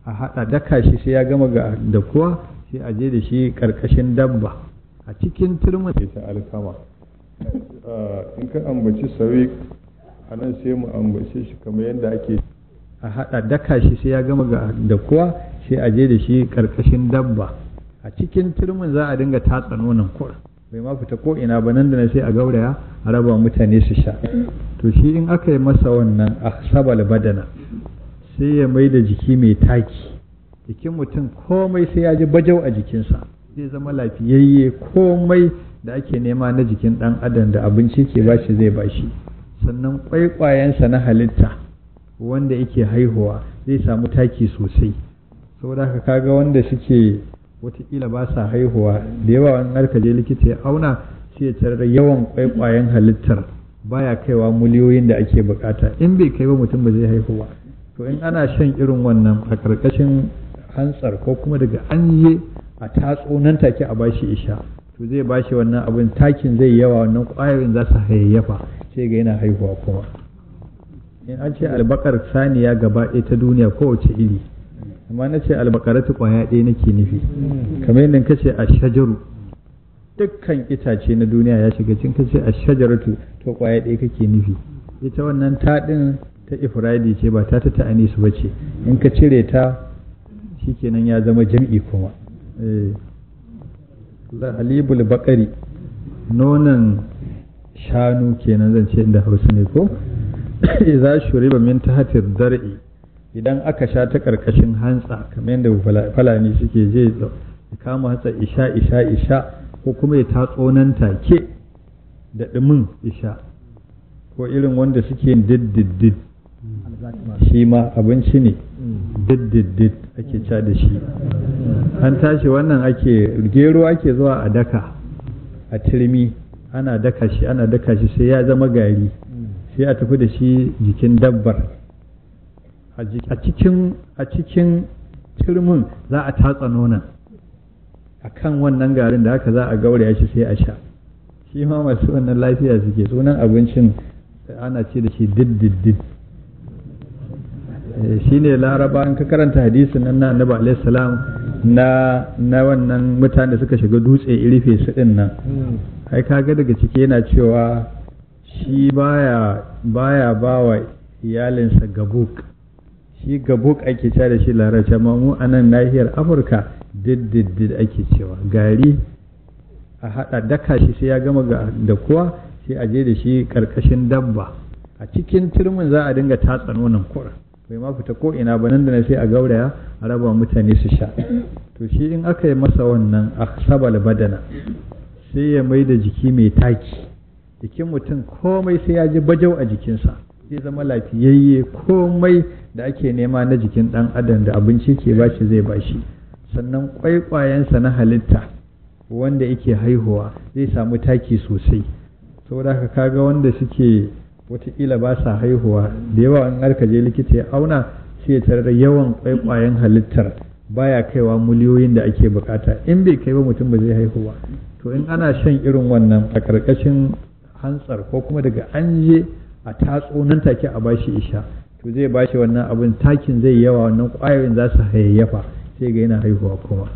Speaker 3: a haɗa daka shi sai ya gama da kuwa sai a je da shi ƙarƙashin dabba a cikin turmi sai ta alkama
Speaker 2: in ka ambaci sauri a nan sai mu ambace shi kamar yadda ake
Speaker 3: a haɗa daka shi sai ya gama da kuwa sai a je da shi karkashin dabba a cikin turmin za a dinga tatsa nonon kur bai ma fita ko ina ba nan da na sai a gauraya a raba mutane su sha to shi in aka yi masa wannan a sabal badana sai ya mai da jiki mai taki jikin mutum komai sai ya ji bajau a jikinsa zai zama lafiyayye komai da ake nema na jikin ɗan adam da abinci ke bashi zai bashi sannan kwaikwayensa na halitta wanda yake haihuwa zai samu taki sosai saboda haka kaga wanda suke watakila ba sa haihuwa da yawa an harka je likita ya auna sai ya tarar yawan kwaikwayen halittar baya kaiwa miliyoyin da ake bukata in bai kai ba mutum ba zai haihuwa to in ana shan irin wannan a karkashin hantsar ko kuma daga an yi a tatso nan take a bashi isha to zai ba shi wannan abin takin zai yawa wannan ƙwayoyin za su hayayyafa sai ga yana haihuwa kuma in an ce albakar saniya gaba ɗaya ta duniya kowace iri amma na ce ta ƙwaya ɗaya nake nufi kamar yadda ka a shajaru dukkan itace na duniya ya shiga cin ka a shajaratu to ƙwaya ɗaya kake nufi ita wannan taɗin ta ifradi ce ba ta ta ta'anisu ba ce in ka cire ta kenan ya zama jam'i kuma eh. zahalibul bakari nonon shanu kenan zan ce inda hausa ne ko idza shuriba min tahtir dar'i idan aka sha ta karkashin hantsa kamar yadda falani suke je ya kama hantsa isha isha isha ko kuma ya tatso nan take da dumin isha ko irin wanda suke diddid shi ma abinci ne diddiddid ake ca da shi an tashi wannan ake gero ake zuwa a daka a turmi ana daka shi ana daka shi sai ya zama gari sai a tafi da shi jikin dabbar a cikin a cikin turmin za a tatsa nonon a kan wannan garin da haka za a gauraya shi sai a sha shi ma masu wannan lafiya suke sunan abincin ana ce da shi diddiddid Eh, shine laraba in ka karanta hadisin nan na annabi alaihi salam na na wannan mutane suka shiga dutse irife su din nan hmm. ai kaga daga ciki yana cewa shi baya baya bawa iyalinsa gabuk shi gabuk ake cewa da shi larabci amma mu a nan nahiyar afirka diddiddid ake cewa gari a haɗa daka shi sai ya gama da kuwa sai a je da shi ƙarƙashin dabba a cikin turmin za a dinga tatsa nonon kura bai ma fita ko ina ba nan da na sai a gauraya a raba mutane su sha to shi in aka yi masa wannan a sabal badana sai ya mai da jiki mai taki jikin mutum komai sai ya ji bajau a jikinsa zai zama lafiyayye komai da ake nema na jikin ɗan adam da abinci ke bashi zai bashi sannan kwaikwayensa na halitta wanda yake haihuwa zai samu taki sosai saboda haka kaga wanda suke wataƙila ba sa haihuwa da yawa an arka je likita ya auna sai ya tarar yawan kwaikwayen halittar baya kaiwa miliyoyin da ake bukata in bai kai ba mutum ba zai haihuwa to in ana shan irin wannan a karkashin hantsar ko kuma daga an je a tatso nan take a bashi isha to zai bashi wannan abin takin zai yawa wannan kwayoyin za su hayayyafa sai ga yana haihuwa kuma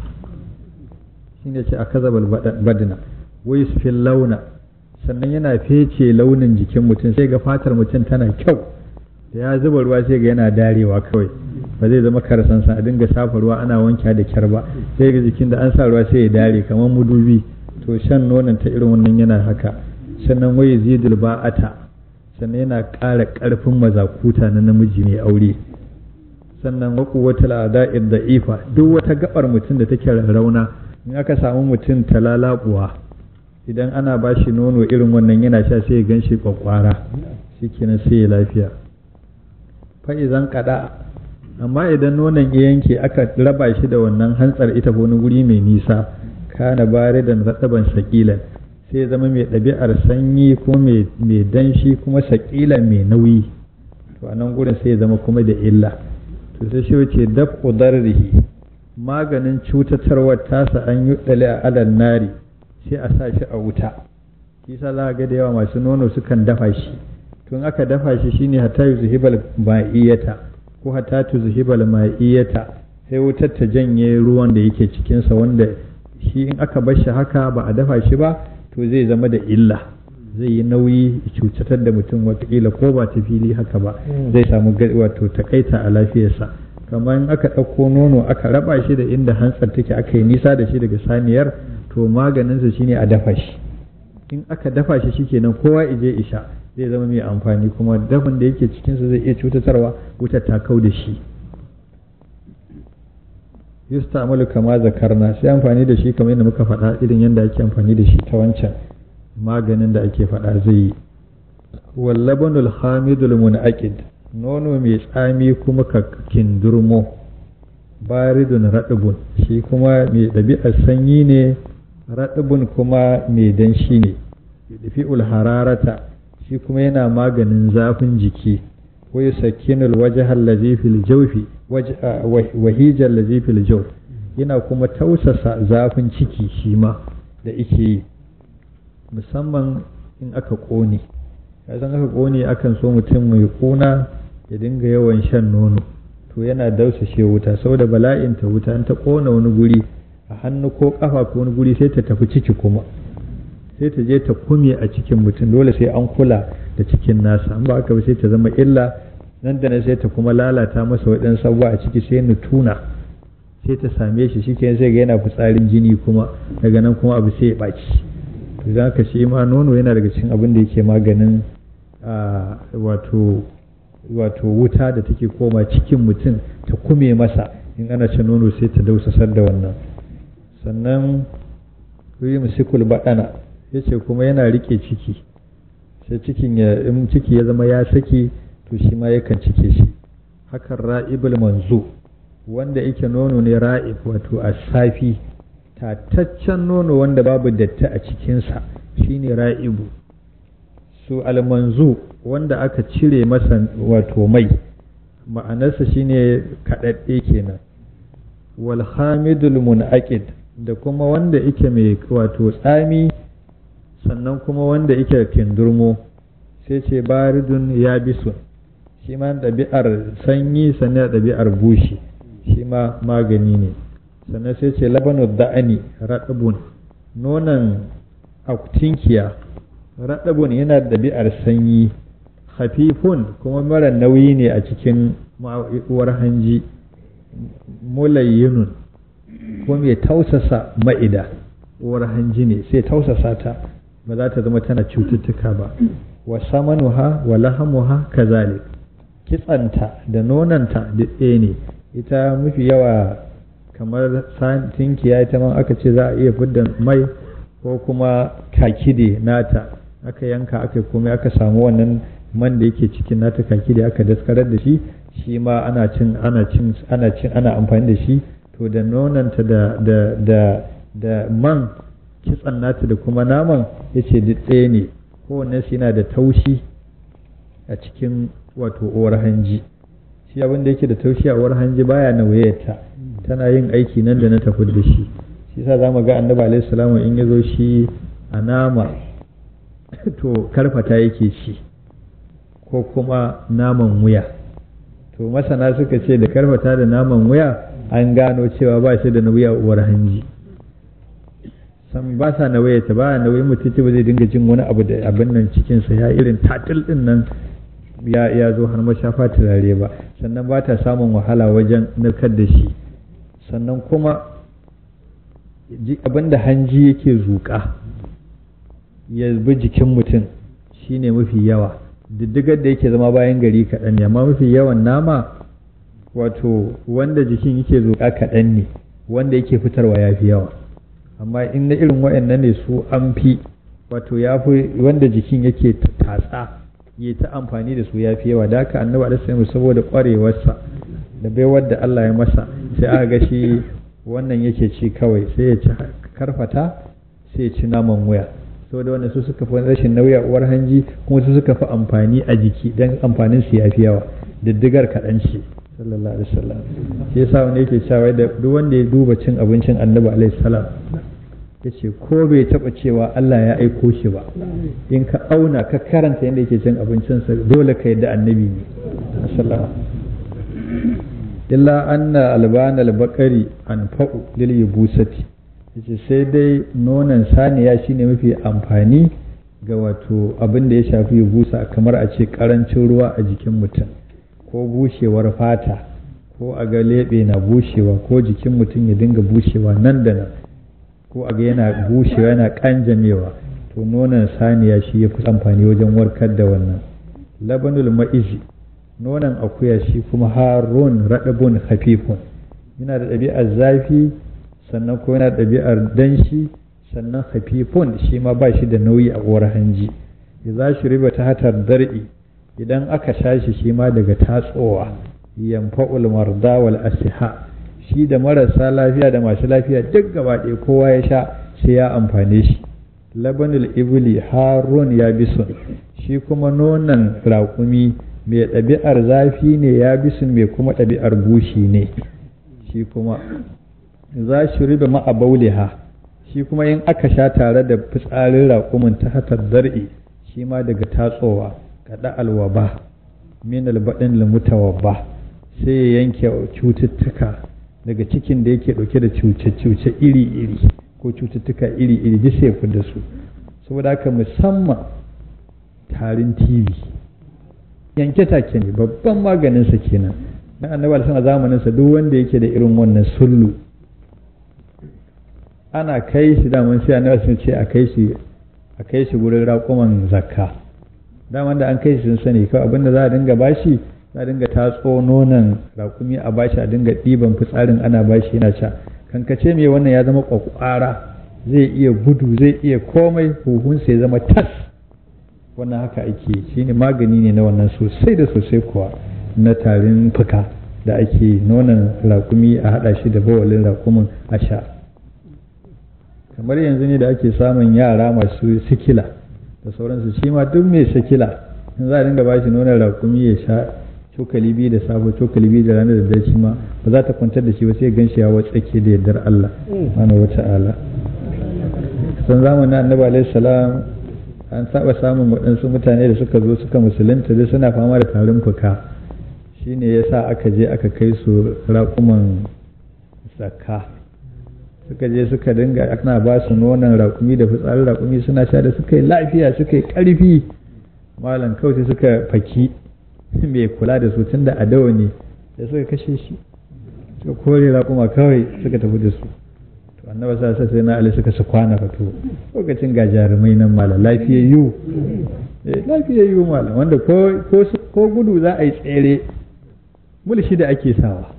Speaker 3: shine ce a kaza badina wai su launa sannan yana fece launin jikin mutum sai ga fatar mutum tana kyau da ya zuba ruwa sai ga yana darewa kawai ba zai zama karasansa a dinga safa ruwa ana wanke da kyar ba sai ga jikin da an sa ruwa sai ya dare kamar mudubi to shan nonon ta irin wannan yana haka sannan wai a ata sannan yana ƙara ƙarfin mazakuta na namiji ne aure sannan wa quwwatul da'ifa duk wata gabar mutum da take rauna in aka samu mutum talalabuwa idan ana ba shi nono irin wannan yana sha sai ya gan shi kwakwara shi kenan sai ya lafiya fa'izan kada amma idan nonon ya yanke aka raba shi da wannan hantsar ita wani guri mai nisa kana bare da zaɗaban sakilan sai ya zama mai ɗabi'ar sanyi ko mai danshi kuma sakilan mai nauyi to a nan gurin sai ya zama kuma da illa to sai shi dab daf maganin cutatarwar tasa an yi ɗale a alan nari sai a sa shi a wuta shi za ga da yawa masu nono sukan dafa shi tun aka dafa shi shine hatta yuzhibal ma'iyata ko hatta tuzhibal ma'iyata sai wutar ta janye ruwan da yake cikinsa wanda shi in aka bar shi haka ba a dafa shi ba to zai zama da illa zai yi nauyi cutar da mutum watakila ko ba ta fili haka ba hmm. zai samu wato takaita a lafiyarsa kamar in aka ɗauko nono aka raba shi da inda hantsar take aka yi nisa da shi daga saniyar to maganinsa shine a dafa shi in aka dafa shi shikenan kowa ije isha zai zama mai amfani kuma dafin da yake cikinsa zai iya cutatarwa wutar ta kau da shi yusta'malu kama zakarna sai amfani da shi kamar yadda muka faɗa irin yadda ake amfani da shi ta wancan maganin da ake faɗa zai yi wallabanul hamidul munaqid nono mai tsami kuma ka kindurmo baridun raɗubun shi kuma mai ɗabi'ar sanyi ne raɗibin kuma mai danshi ne yudifi'ul hararata shi kuma yana maganin zafin jiki wa yusakkinul wajha allazi fil jaufi wahijar allazi fil yana kuma tausasa zafin ciki shi ma da ike yi musamman in aka kone kasan aka ƙone akan so mutum mai kuna ya dinga yawan shan nono to yana dausashe wuta saboda da bala'inta wuta an ta ƙona wani guri a hannu ko kafa ko wani guri sai ta tafi ciki kuma sai ta je ta kume a cikin mutum dole sai an kula da cikin nasa an ba ba sai ta zama illa nan da nan sai ta kuma lalata masa waɗansu abubuwa a ciki sai na tuna. sai ta same shi shike sai ga yana fitsarin jini kuma daga nan kuma abu sai ya ɓaci to za ka shi ma nono yana daga cikin abin da yake maganin wato wato wuta da take koma cikin mutum ta kume masa in ana ce nono sai ta dausasar da wannan sannan yi musikul baɗana ya ce kuma yana riƙe ciki sai cikin ya in ciki ya zama ya saki to shi ma yakan cike shi hakan ra'ibul manzu wanda yake nono ne ra'ib wato a safi tataccen nono wanda babu datti a cikinsa shine ra'ibu su almanzu wanda aka cire masa wato mai ma'anarsa shine kaɗaɗɗe kenan wal hamidul munaqid da kuma wanda ike mai wato tsami sannan kuma wanda ike kindurmo sai ce baridun ya bisu shi ma ɗabi'ar sanyi sannan ɗabi'ar bushi shi ma magani ne sannan sai ce labanu da'ani raɗabun nonon aktinkiya raɗabun yana ɗabi'ar sanyi hafifun kuma mara nauyi ne a cikin uwar hanji mulayyinun kuma mai tausasa ma'ida uwar hanji ne sai tausasa ta ba za ta zama tana cututtuka ba wa samanuha wa lahamuha kazalik kitsanta da nonanta da ɗaya ne ita mafi yawa kamar tinkiya ita man aka ce za a iya fidda mai ko kuma kakide nata aka yanka aka komai aka samu wannan man da yake cikin nata kakide aka daskarar da shi shi ma ana ana cin ana amfani da shi to da nonanta da da da da man kitsan nata da kuma naman yace duk ɗaya ne kowanne shi yana da taushi a cikin wato uwar hanji shi abin da yake da taushi a uwar hanji baya wayarta tana yin aiki nan da na tafi da shi shi yasa zamu ga annabi alaihi salamu in zo shi a nama to karfata yake shi ko kuma naman wuya to masana suka ce da karfata da naman wuya an gano cewa ba shi da nauyi a uwar hanji san ba sa nauyi ta ba nauyi mutum ce ba zai dinga jin wani abu da abin nan cikinsa ya irin tatil din nan ya ya zo har mashafa turare ba sannan ba ta samun wahala wajen narkar da shi sannan kuma abin da hanji yake zuƙa ya bi jikin mutum shine mafi yawa diddigar da yake zama bayan gari kaɗan amma mafi yawan nama wato wanda jikin yake zoƙa kaɗan ne wanda yake fitarwa ya fi yawa amma in na irin waɗannan ne su an fi wato ya fi wanda jikin yake tatsa ya ta amfani da su ya fi yawa da haka annabi da sai saboda ƙwarewarsa da baiwar da Allah ya masa sai aka ga shi wannan yake ci kawai sai ya ci karfata sai ya ci naman wuya saboda wannan su suka fi rashin nauyi uwar hanji kuma su suka fi amfani a jiki dan amfanin su ya fi yawa diddigar kaɗan shi sallallahu alaihi wasallam shi yasa wani yake cewa da duk wanda ya duba cin abincin annabi alaihi salam yace ko bai taba cewa Allah ya aiko shi ba in ka auna ka karanta yadda yake cin abincinsa dole ka da annabi ne sallallahu illa anna albana an fa'u lil yubusati yace sai dai nonon saniya shine mafi amfani ga wato abin da ya shafi yubusa kamar a ce karancin ruwa a jikin mutum ko bushewar fata ko a ga leɓe na bushewa ko jikin mutum ya dinga bushewa nan da nan ko a ga yana bushewa yana kanjamewa to nonon saniya shi ya fi amfani wajen warkar da wannan labanul ma'izi nonon akuya shi kuma harun raɗabun hafifun yana da ɗabi'ar zafi sannan ko yana da ɗabi'ar danshi sannan hafifun shi ma ba shi da nauyi a uwar hanji ya za shi ta hatar dar'i idan aka sha shi ma daga tatsowa Yamfa marda wal asiha shi da marasa lafiya da masu lafiya duk gaba ɗaya kowa ya sha sai ya amfane shi labanul ibli harun ya bisun shi kuma nonon raƙumi mai ɗabi'ar zafi ne ya bisun mai kuma ɗabi'ar bushi ne shi kuma za shi riba ma'abauliha shi kuma in aka sha tare da fitsarin raƙumin ta hatar zar'i shi ma daga tatsowa kada alwaba min albaɗin limutawabba sai ya yanke cututtuka daga cikin da yake ɗauke da cuce-cuce iri-iri ko cututtuka iri-iri duk sai fi da su saboda haka musamman tarin tv yanke take ne babban maganinsa kenan na annabi zamanin zamaninsa duk wanda yake da irin wannan sullu ana kai shi daman sai annabi sun ce a kai shi a kai shi gurin raƙuman zakka daman da an kai sun sani kawai abinda za a dinga bashi za a dinga tatso nonon rakumi a bashi a dinga ɗiban fitsarin ana bashi yana sha kankace mai wannan ya zama kwakwara zai iya gudu zai iya komai huhunsa ya zama tas wannan haka ake shine magani ne na wannan sosai da sosai kuwa na tarin fuka da ake nonon rakumi a haɗa shi da bawalin rakumin a sha kamar yanzu ne da ake samun yara masu sikila da sauransu shi ma duk mai shakila in za a dinga bashi nonon rakumi ya sha cokali biyu da safe cokali biyu da ranar da shi ma ba za ta kwantar da shi ba sai gan shi ya watsake da yardar Allah mana wata ala san zamanin annabi alaihi salam an saba samun waɗansu mutane da suka zo suka musulunta da suna fama da tarin fuka shine yasa aka je aka kai su raƙuman tsaka. suka je suka dinga ana ba su nonon raƙumi da fitsarin raƙumi suna sha da suka yi lafiya suka yi ƙarfi malam kawai suka faki mai kula da su tun da adawa ne da suka kashe shi suka kore raƙuma kawai suka tafi da su to annaba sa sai na ali suka su kwana fato lokacin ga jarumai nan malam lafiyayyu eh, yu malam wanda ko gudu za a yi tsere mulshi da ake sawa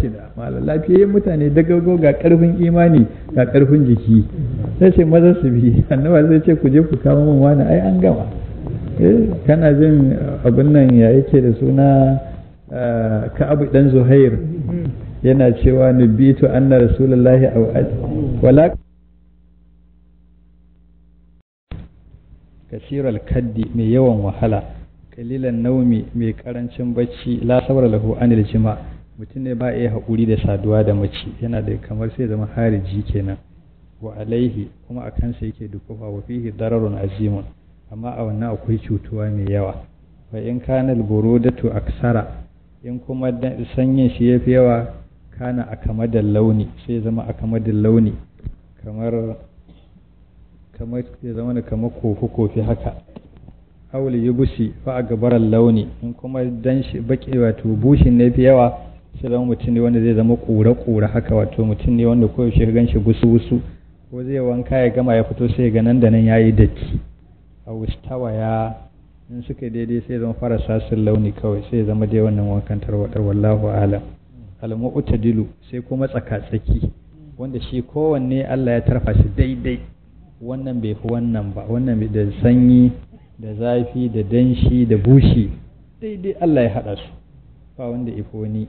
Speaker 3: shi da mala lafiyayyen mutane dagago ga karfin imani ga karfin jiki sai ce maza su bi annaba zai ce ku je ku kama
Speaker 4: min wani ai an gama
Speaker 3: eh, kana jin abin nan ya yake da suna eh, ka'abu dan zuhair yana cewa nubitu anna rasulullahi ad wala al kaddi mai yawan wahala kalilan naumi mai karancin bacci la sabra lahu anil jima' mutum ne ba iya haƙuri da saduwa da mace yana da kamar sai zama hariji kenan wa alaihi kuma a kansa yake dukufa wa fihi dararun azimun amma a wannan akwai cutuwa mai yawa fa in kana alburudatu aksara in kuma sanyin shi yafi yawa kana da launi sai zama da launi kamar kamar sai zama kamar kofi kofi haka awul yubusi fa a gabaran launi in kuma dan shi baki wato bushin ne fi yawa sai mutum ne wanda zai zama kura-kura haka wato mutum ne wanda koyaushe ka gan shi gusu-gusu ko zai wanka ya gama ya fito sai ga nan da nan ya yi datti a wustawa ya in suka daidai sai zama fara sasin launi kawai sai zama dai wannan wankan tarwaɗar wallahu alam alamu utadilu sai kuma tsaka-tsaki wanda shi kowanne Allah ya tarfa shi daidai wannan bai fi wannan ba wannan da sanyi da zafi da danshi da bushi daidai Allah ya haɗa su ba wanda ifo ni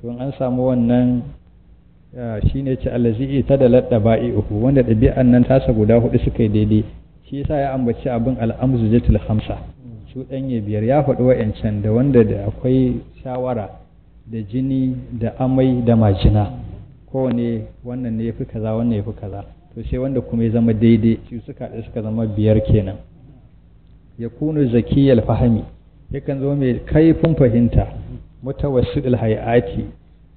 Speaker 3: to an samu wannan shi ne ce ta da ladda ba'i uku wanda ɗabi'an nan tasa guda hudu suka yi daidai shi yasa ya ambaci abin al'amzu jatul hamsa su ɗanye biyar ya faɗi wa'yancan da wanda da akwai shawara da jini da amai da majina kowane wannan ne ya fi kaza wannan ya fi kaza to sai wanda kuma ya zama daidai shi suka haɗu suka zama biyar kenan ya kunu zakiyal fahami yakan zama mai kaifin fahimta mutawassidul hayati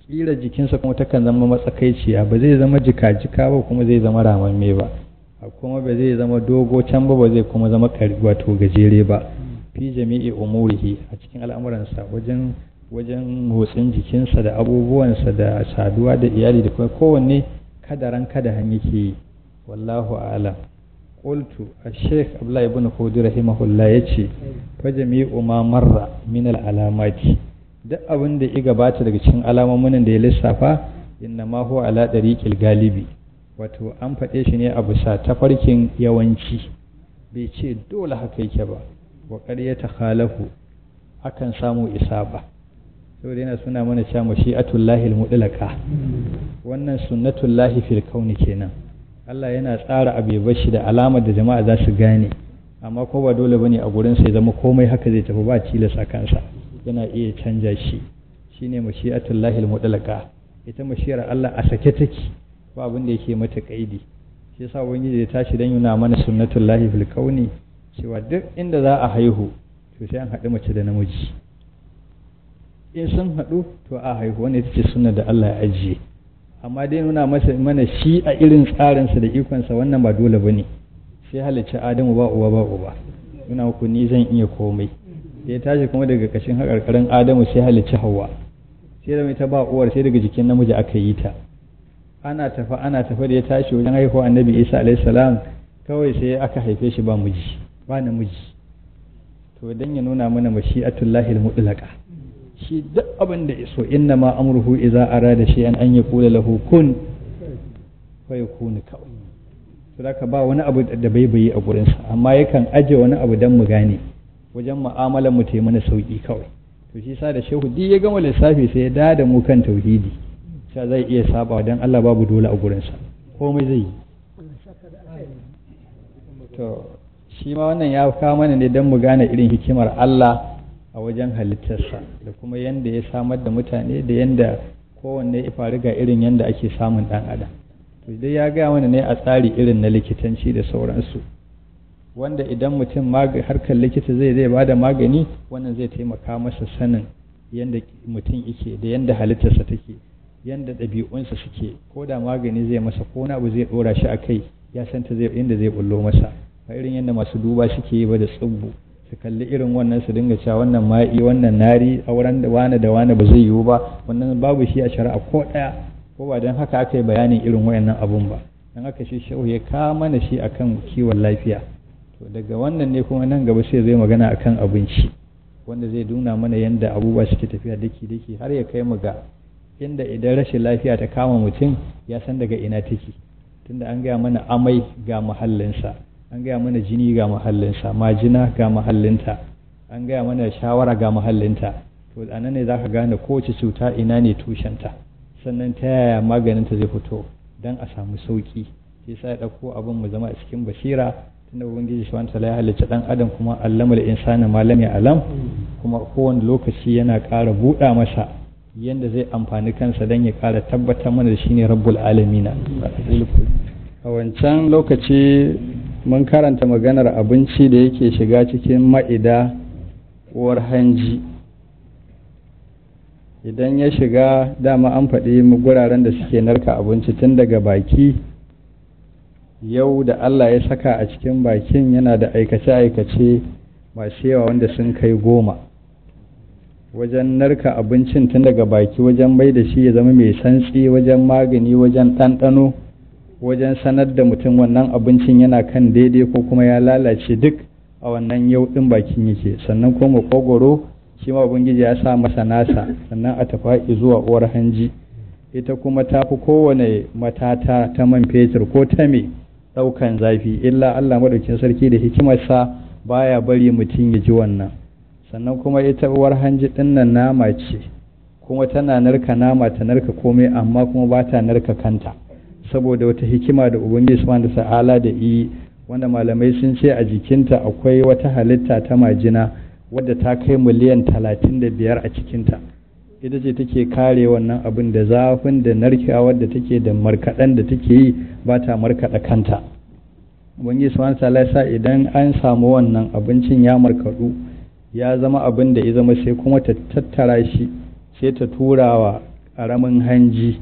Speaker 3: kila jikinsa kuma takan zama matsakaiciya ba zai zama jika-jika ba kuma zai zama ramamme ba kuma ba zai zama dogo can ba ba zai kuma zama wato gajere ba fi jami'i umurihi a cikin al'amuransa wajen wajen motsin jikinsa da abubuwansa da saduwa da iyali da kuma kowanne kadaran kada ke yi wallahu a'lam qultu ash-shaykh abdullahi ibn khudri rahimahullah yace fa jami'u ma marra min al-alamati duk abin da ya gabata daga cikin alamomin da ya lissafa inna ma huwa ala dariqil galibi wato an faɗe shi ne a bisa tafarkin yawanci bai ce dole haka yake ba wa ta takhalahu akan samu isa ba saboda yana suna mana cewa mashi'atul Tullahi mutlaqa wannan sunnatullahi fil kauni kenan Allah yana tsara abu ya bashi da alamar da jama'a za su gane amma ko ba dole bane a gurin sai zama komai haka zai tafi ba a kansa yana iya canja shi shi shine mashi'atul lahil mudallaka ita mashiyar Allah a sake take ba abin da yake mata kaidi shi yasa ubangiji ya tashi dan yana mana sunnatul fil kauni cewa duk inda za a haihu to sai an haɗu mace da namiji in sun haɗu to a haihu wani ita ce sunna da Allah ya ajiye amma dai nuna masa mana shi a irin tsarinsa da ikonsa wannan ba dole ba ne sai halicci adamu ba uwa ba uba nuna ku ni zan iya komai da ya tashi kuma daga kashin haƙarƙarin adamu sai halicci hawa sai da mai ta ba uwar sai daga jikin namiji aka yi ta ana tafa ana tafa da ya tashi wajen haihuwa annabi isa alayhi salam kawai sai aka haife shi ba miji ba namiji to dan ya nuna mana mashi'atullahi al-mutlaqa shi duk abin da iso inna ma amruhu idza arada shay'an an yaqula lahu kun fayakunu kawai to ba wani abu da bai bayi a gurinsa amma yakan aje wani abu dan mu gane wajen mu'amalar mu taimana mana sauki kawai to shi sa da shehu duk ya gama lissafi sai ya dada mu kan tauhidi sha zai iya saba dan Allah babu dole a gurin sa komai zai yi to shi ma wannan ya kawo mana ne don mu gane irin hikimar Allah a wajen halittarsa da kuma yanda ya samar da mutane da yanda kowanne ya faru ga irin yanda ake samun dan adam to dai ya gaya mana ne a tsari irin na likitanci da sauransu wanda idan mutum harkar likita zai zai da magani wannan zai taimaka masa sanin yadda mutum yake da yadda halittarsa take yadda ɗabi'unsa suke ko da magani zai masa ko na abu zai ɗora shi a kai ya san ta zai inda zai bullo masa ba irin yadda masu duba suke yi ba da tsubbu su kalli irin wannan su dinga cewa wannan ma'i wannan nari auren da wane da wane ba zai yiwu ba wannan babu shi a shari'a ko ɗaya ko ba don haka aka yi bayanin irin wayannan abun ba don haka shi shehu ya kama mana shi akan kiwon lafiya To daga wannan ne kuma nan gaba sai zai magana a kan abinci wanda zai nuna mana yadda abubuwa suke tafiya daki daki har ya kai mu ga inda idan rashin lafiya ta kama mutum ya san daga ina take tunda an gaya mana amai ga muhallinsa an gaya mana jini ga muhallinsa majina ga muhallinta an gaya mana shawara ga muhallinta to a nan ne za ka gane kowace cuta ina ne tushenta sannan ta yaya maganinta zai fito don a samu sauki sai sa ya ɗauko abin mu zama a cikin basira tunda ubangiji shi wanta ya halicci dan adam kuma allamul insana insana malami alam kuma kowane lokaci yana ƙara buɗa masa yanda zai amfani kansa dan ya ƙara tabbatar mana da shine rabbul alamina a wancan lokaci mun karanta maganar abinci da yake shiga cikin ma'ida uwar hanji idan ya shiga dama an faɗi guraren da suke narka abinci tun daga baki yau da Allah ya saka a cikin bakin yana da aikace-aikace masu yawa wanda sun kai goma wajen narka abincin tun daga baki wajen bai da shi ya zama mai santsi wajen magani wajen ɗanɗano wajen sanar da mutum wannan abincin yana kan daidai ko kuma ya lalace duk a wannan yau ɗin bakin yake sannan kuma kogoro shi ma ubangiji ya sa masa nasa sannan a tafa'i zuwa uwar hanji ita kuma ta fi kowane matata ta man fetur ko ta me ɗaukan zafi illa Allah maɗaukin sarki da hikimarsa baya bari mutum ya ji wannan sannan kuma ita uwar hanji ɗinnan nama ce kuma tana narka nama ta narka komai amma kuma ba ta narka kanta saboda wata hikima da ubangiji subhanahu da ta'ala da yi wanda malamai sun ce a jikinta akwai wata halitta ta majina wadda ta kai miliyan talatin da biyar a cikinta ita ce take kare wannan abin da zafin da narkewa da take da markaɗen da take yi ba ta markaɗa kanta wani subhanahu wani salasa idan an samu wannan abincin ya markaɗu ya zama abin da ya zama sai kuma ta tattara shi sai ta tura wa ƙaramin hanji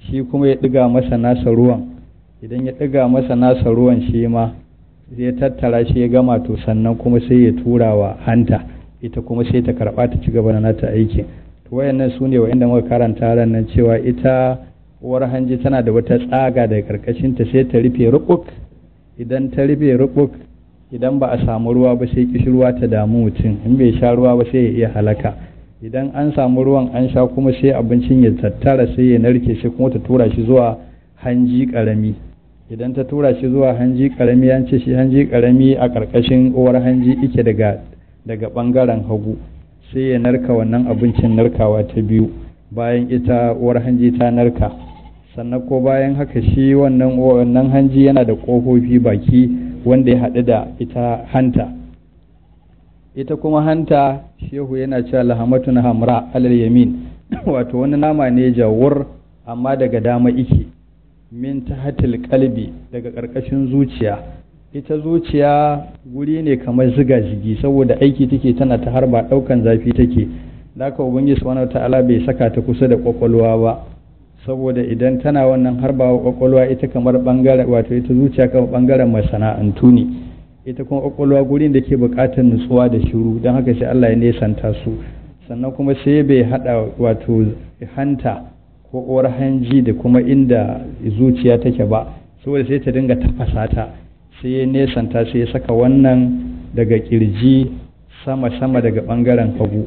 Speaker 3: shi kuma ya ɗiga masa nasa ruwan idan ya ɗiga masa nasa ruwan shi ma zai tattara shi ya gama to sannan kuma sai ya tura wa hanta ita kuma sai ta karɓa ta ci gaba da nata aikin to wayannan sune ne wayanda muka karanta ran nan cewa ita uwar hanji tana da wata tsaga da karkashin ta sai ta rufe rukuk idan ta rufe rukuk idan ba a samu ruwa ba sai kishirwa ta damu mutum in bai sha ruwa ba sai ya iya halaka idan an samu ruwan an sha kuma sai abincin ya tattara sai ya narke shi kuma ta tura shi zuwa hanji karami idan ta tura shi zuwa hanji karami an ce shi hanji karami a karkashin uwar hanji ike daga daga bangaren hagu sai ya narka wannan abincin narkawa ta biyu bayan ita uwar hanji ta narka sannan ko bayan haka shi wannan hanji yana da ƙofofi baki wanda ya haɗu da ita hanta ita kuma hanta shehu yana cewa na hamra alal yamin wato wani nama ne jawur amma daga dama ike min tahatil kalbi daga ƙarƙashin zuciya ita zuciya guri ne kamar ziga zigi saboda aiki take tana ta harba daukan zafi take haka ubangiji subhanahu ta'ala bai saka ta kusa da kwakwalwa ba saboda idan tana wannan harba kwakwalwa ita kamar bangare wato ita zuciya kamar bangaren masana'antu ne ita kuma kwakwalwa gurin da ke bukatar nutsuwa da shiru don haka sai Allah ya nesanta su sannan kuma sai bai hada wato hanta ko uwar hanji da kuma inda zuciya take ba saboda sai ta dinga tafasa ta sai ya nesanta sai ya saka wannan daga kirji sama-sama daga ɓangaren hagu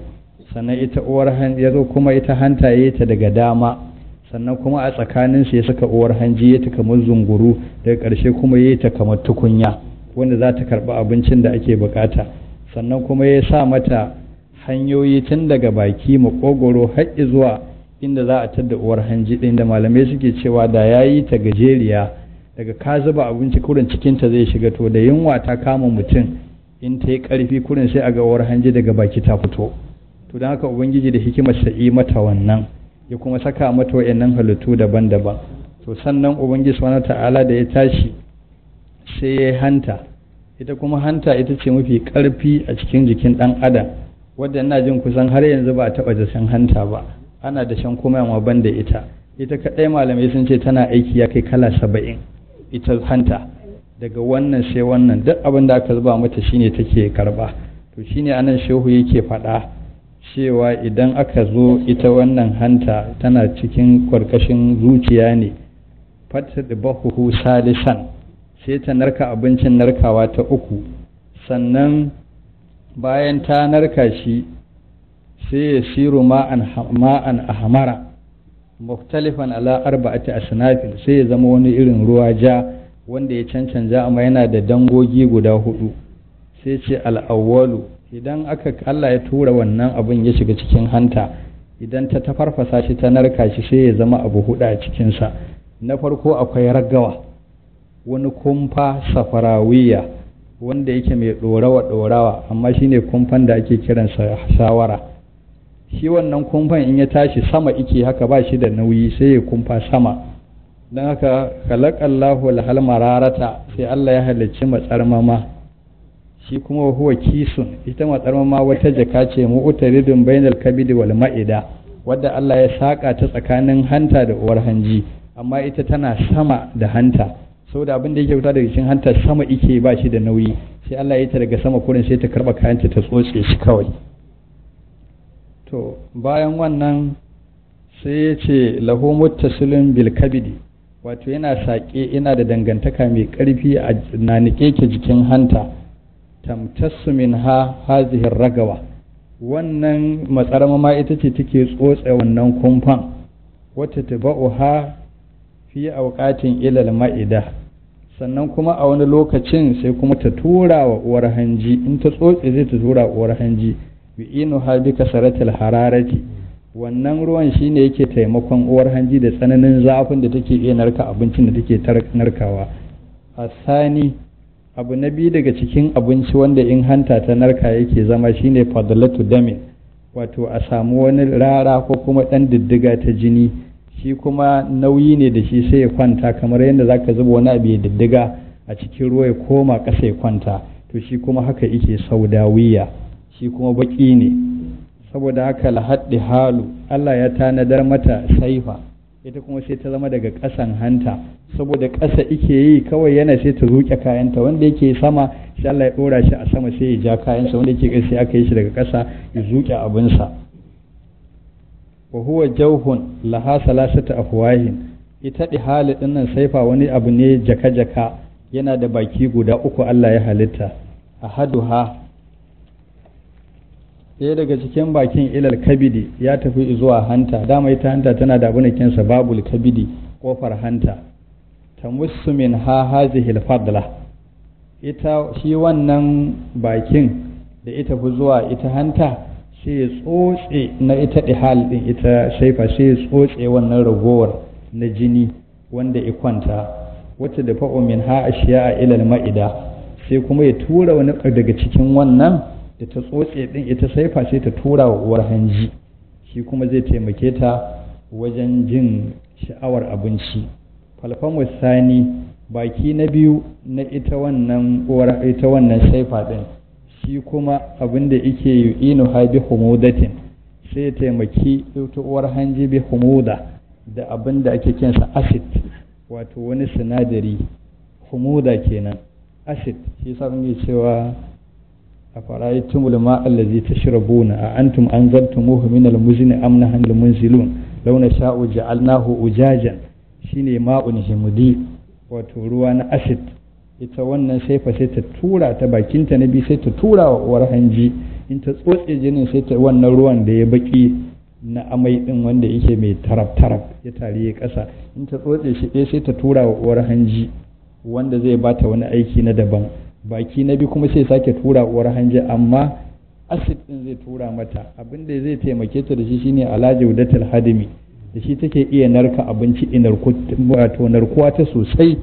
Speaker 3: sannan ita uwar ya zo kuma ita hanta ya ta daga dama sannan kuma a tsakaninsu ya saka uwar hanji ya ta kamar zunguru daga ƙarshe kuma ya ta kamar tukunya wanda za ta karɓi abincin da ake bukata sannan kuma ya sa mata hanyoyi tun daga baki makogoro har zuwa inda za a tadda uwar hanji ɗin da malamai suke cewa da ya yi ta gajeriya daga ka zuba abinci kurin cikinta zai shiga to da yunwa ta kama mutum in ta yi ƙarfi kurin sai a gawar hanji daga baki ta fito to don haka ubangiji da hikimar sa'i mata wannan ya kuma saka mata wayannan halittu daban-daban to sannan ubangiji subhanahu ta'ala da ya tashi sai ya hanta ita kuma hanta ita ce mafi ƙarfi a cikin jikin ɗan adam wadda ina jin kusan har yanzu ba a taɓa dashen hanta ba ana da shan kuma yamma ban da ita ita kaɗai malamai sun ce tana aiki ya kai kala saba'in ita hanta daga wannan sai wannan duk abin da aka zuba mata shine take karba to shine anan shehu yake faɗa cewa idan aka zo ita wannan hanta tana cikin ƙarƙashin zuciya ne bahuhu salisan sai ta narka abincin narkawa ta uku sannan bayan ta narka shi sai ya siru ma'an ahmara muktalifan ala arba'ati asnafin sai ya zama wani irin ruwa ja wanda ya cancanza amma yana da dangogi guda hudu sai ce al'awwalu idan aka Allah ya tura wannan abin ya shiga cikin hanta idan ta tafarfasa shi ta narka shi sai ya zama abu hudu a cikinsa na farko akwai ragawa wani kumfa safarawiya wanda yake mai ɗorawa ɗorawa amma shine kumfan da ake kiransa shawara shi wannan kumfan in ya tashi sama ike haka ba shi da nauyi sai ya kumfa sama don haka kalakallahu alhal mararata sai Allah ya halicci mama shi kuma huwa kisun ita matsarmama wata jaka ce mu'taridun bainar kabidi wal ma'ida wadda Allah ya saka ta tsakanin hanta da uwar hanji amma ita tana sama da hanta saboda abin da yake fita daga cikin hanta sama ike ba shi da nauyi sai Allah ya ta daga sama kurin sai ta karba kayanta ta tsotse shi kawai to bayan wannan sai ya ce lahu muttasilin bil bilkabidi wato yana saƙe yana da dangantaka mai ƙarfi a na ke jikin hanta tamtassu min ha hazihin ragawa wannan matsarama ma ita ce take tsotse wannan kumfan wata ta taba'u ha a auƙatin ilal ma'ida sannan kuma a wani lokacin sai kuma ta tura wa uwar hanji in ta tsotse zai ta tura uwar hanji yu'inuha bi kasaratil hararati wannan ruwan shine yake taimakon uwar hanji da tsananin zafin da take iya narka abincin da take narkawa asani abu na biyu daga cikin abinci wanda in hanta ta narka yake zama shine fadlatu dami wato a samu wani rara ko kuma dan diddiga ta jini shi kuma nauyi ne da shi sai ya kwanta kamar yadda za ka zuba wani abu ya diddiga a cikin ruwa ya koma ƙasa ya kwanta to shi kuma haka yake saudawiya shi kuma baki ne saboda haka lahaddi halu Allah ya tanadar mata saifa ita kuma sai ta zama daga ƙasan hanta saboda ƙasa ike yi kawai yana sai ta zuƙe kayanta wanda yake sama sai Allah ya ɗora shi a sama sai ya ja kayansa wanda yake sai aka yi shi daga ƙasa ya zuƙe abinsa wa huwa jauhun laha salasata afwahin ita ihali dinnan saifa wani abu ne jaka-jaka yana da baki guda uku Allah ya halitta ahaduha ɗaya daga cikin bakin ilal kabidi ya tafi zuwa hanta dama ita hanta tana da abin sa babul kabidi kofar hanta ta musumin ha hazihil fadla ita shi wannan bakin da ita fi zuwa ita hanta shi tsotse na ita hal din ita shaifa shi tsotse wannan ragowar na jini wanda kwanta wata da fa'o min ha ashiya a ilal ma'ida sai kuma ya tura wani daga cikin wannan da ta tsotse ɗin ita saifa sai ta tura wa uwar hanji shi kuma zai taimake ta wajen jin sha'awar abinci falfan wasani baki na biyu na ita wannan uwar ita wannan saifa ɗin shi kuma abin da yake yi inu humudatin sai ya taimaki ita uwar hanji bi humuda da abin da ake kinsa acid wato wani sinadari humuda kenan acid shi sa yi cewa أفرأيتم الماء الذي تشربون أأنتم أنزلتموه من المزن أم نحن المنزلون لو نشاء جعلناه أجاجا shine ma'un himudi wato ruwa na acid ita wannan sai fa sai ta tura ta bakinta na biyu sai ta tura wa uwar hanji in ta tsotse jinin sai ta wannan ruwan da ya baki na amai din wanda yake mai tarabtarab taraf ya tare ya kasa in ta tsotse shi sai ta tura wa uwar hanji wanda zai bata wani aiki na daban baki na biyu kuma sai sake tura uwar hanji amma asid din zai tura mata abin da zai taimake ta da shi shine wadatul hadimi da shi take iya narka abinci wato narkuwa ta sosai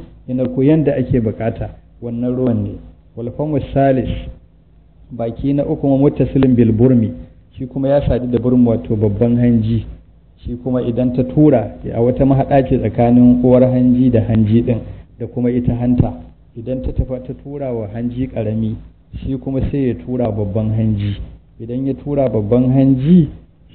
Speaker 3: ku yanda ake bukata wannan ruwan ne walfamu salis baki na uku ma muttasilin bil burmi shi kuma ya sadu da burmi wato babban hanji shi kuma idan ta tura a wata mahaɗaci tsakanin uwar hanji da hanji din da kuma ita hanta idan ta tafa ta tura wa hanji karami shi kuma sai ya tura babban hanji idan ya tura babban hanji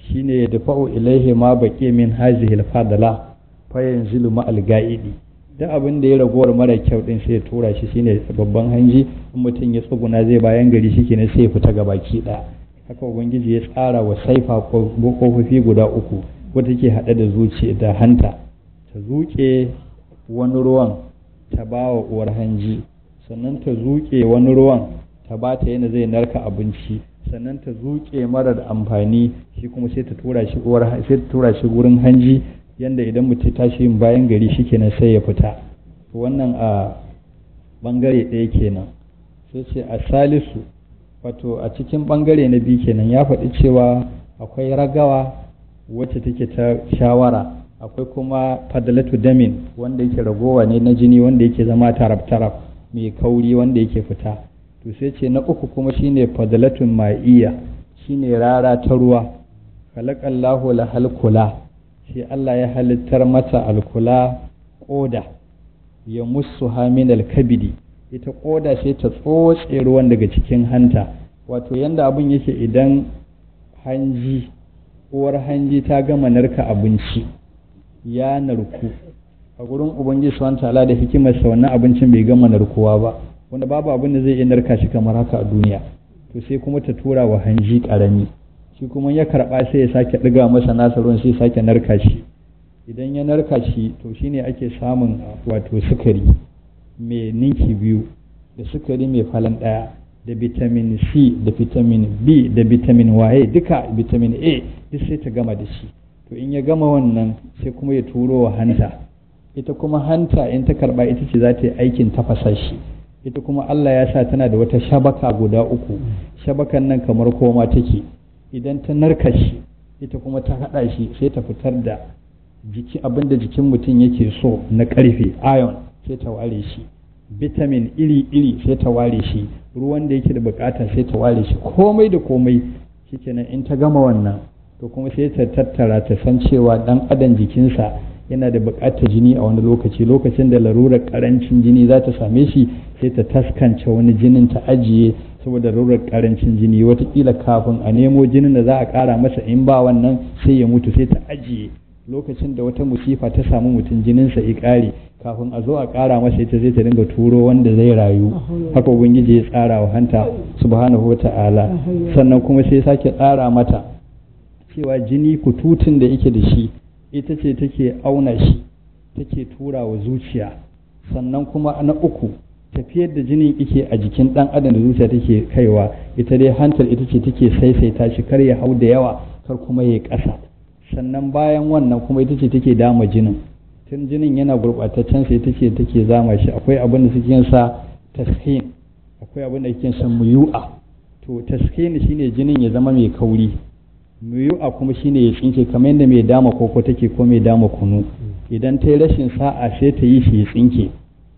Speaker 3: shine ya dafa'u ilaihi ma baƙi min da la fayan zilu ma alga'idi duk abin da ya ragowar mara kyau din sai ya tura shi shine babban hanji in mutum ya tsuguna zai bayan gari shi kenan sai ya fita ga baki ɗaya haka ubangiji ya tsara wa saifa kofofi guda uku wata ke haɗe da zuciya da hanta ta zuƙe wani ruwan ta ba wa uwar hanji sannan ta zuƙe wani ruwan ta ba ta yana zai narka abinci sannan ta zuƙe mara da amfani shi kuma sai ta tura shi uwar sai ta tura shi gurin hanji yanda idan mutum tashi yin bayan gari shikenan sai ya fita wannan a bangare ɗaya kenan sai ce a salisu wato a cikin bangare na biyu kenan ya faɗi cewa akwai ragawa wacce take ta shawara akwai kuma fadlatu damin wanda yake ragowa ne na jini wanda yake zama tarab-tarab mai kauri wanda yake fita to sai ce na uku kuma shine fadlatun ma'iya shine rara ta ruwa khalaqallahu lahal halkula. shi Allah ya halittar mata alkula koda ya musu hamin alkabidi ita koda sai ta tsotse ruwan daga cikin hanta wato yanda abun yake idan hanji uwar hanji ta gama narka abinci ya narku a gurin ubangiji subhanahu tala da hikimar sa wannan abincin bai gama narkuwa ba wanda babu abin da zai iya narka shi kamar haka a duniya to sai kuma ta tura wa hanji karami shi kuma ya karba sai ya sake diga masa nasa ruwan sai sake narka shi idan ya narka shi to shine ake samun ah, wato sukari mai ninki biyu da sukari mai falon daya da vitamin C da vitamin B da vitamin Y duka vitamin A duk sai ta gama da shi to in ya gama wannan sai kuma ya turo wa hanta ita kuma hanta in ta karba ita ce za ta yi aikin tafasa shi ita kuma Allah ya sa tana da wata shabaka guda uku shabakan nan kamar koma take idan ta narka ita kuma ta haɗa shi sai ta fitar da jiki abinda jikin mutum yake so na karfe iron sai ta ware shi vitamin iri-iri sai ta ware shi ruwan da yake da bukata sai ta ware shi komai da komai shikenan in ta gama wannan to kuma sai ta tattara ta san cewa dan adam jikinsa yana da bukatar jini a wani lokaci lokacin da larurar karancin jini za ta same shi sai ta taskance wani jinin ta ajiye saboda larurar karancin jini watakila kafin a nemo jinin da za a kara masa in ba wannan sai ya mutu sai ta ajiye lokacin da wata musifa ta samu mutum jininsa ya kare kafin a zo a ƙara masa ita zai ta dinga turo wanda zai rayu haka ubangiji ya tsara wa hanta subhanahu wa sannan kuma sai sake tsara mata cewa jini kututun da yake da shi ita ce take auna shi take tura wa zuciya sannan kuma na uku tafiyar da jinin ike a jikin ɗan adam da zuciya take kaiwa ita dai hantar ita ce take saisaita shi kar ya hau da yawa kar kuma ya kasa sannan bayan wannan kuma ita ce take dama jinin tun jinin yana gurɓataccen sai ita ce take zama shi akwai abin da suke sa tashin akwai abin da suke sa muyu'a to tashin shine jinin ya zama mai kauri muyu'a kuma shine ya tsinke kamar yadda mai dama koko take ko mai dama kunu idan ta yi rashin sa'a sai ta yi shi ya tsinke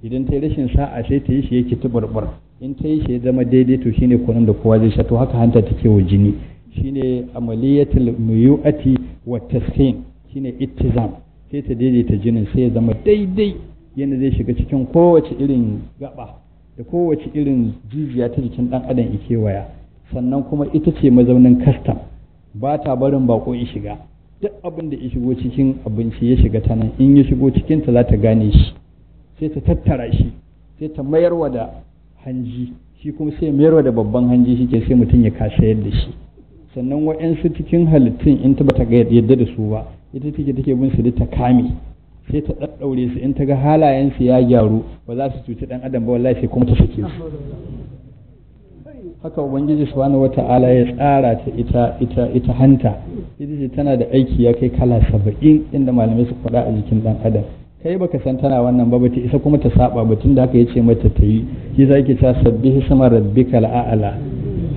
Speaker 3: idan ta yi rashin sa'a sai ta yi shi yake barbar in ta yi shi ya zama daidai to shine kunun da kowa zai sha to haka hanta take wa jini shine amaliyatul muyu'ati wa shi shine ittizam sai ta daidaita jinin sai ya zama daidai yadda zai shiga cikin kowace irin gaba da kowace irin jijiya ta jikin dan adam ikewaya sannan kuma ita ce mazaunin kastam ba ta barin bako ya shiga duk abin da ya shigo cikin abinci ya shiga ta nan in ya shigo cikin ta za ta gane shi sai ta tattara shi sai ta mayar wa da hanji shi kuma sai mayar wa da babban hanji shi ke sai mutum ya kashe yadda shi sannan wa'yansu cikin halittun in ta bata yadda da su ba ita take take bin su ta kame sai ta ɗaɗɗaure su in ta ga halayensu ya gyaru ba za su cuci ɗan adam ba wallahi sai kuma ta sake
Speaker 4: su
Speaker 3: haka ubangiji subhanahu wata'ala ya tsara ta ita ita ita hanta ita ce tana da aiki ya kai kala saba'in inda malamai su faɗa a jikin ɗan adam kai baka san tana wannan ba bata isa kuma ta saba ba tunda haka yace mata ta yi shi za ki ta sabbihi sama rabbikal a'la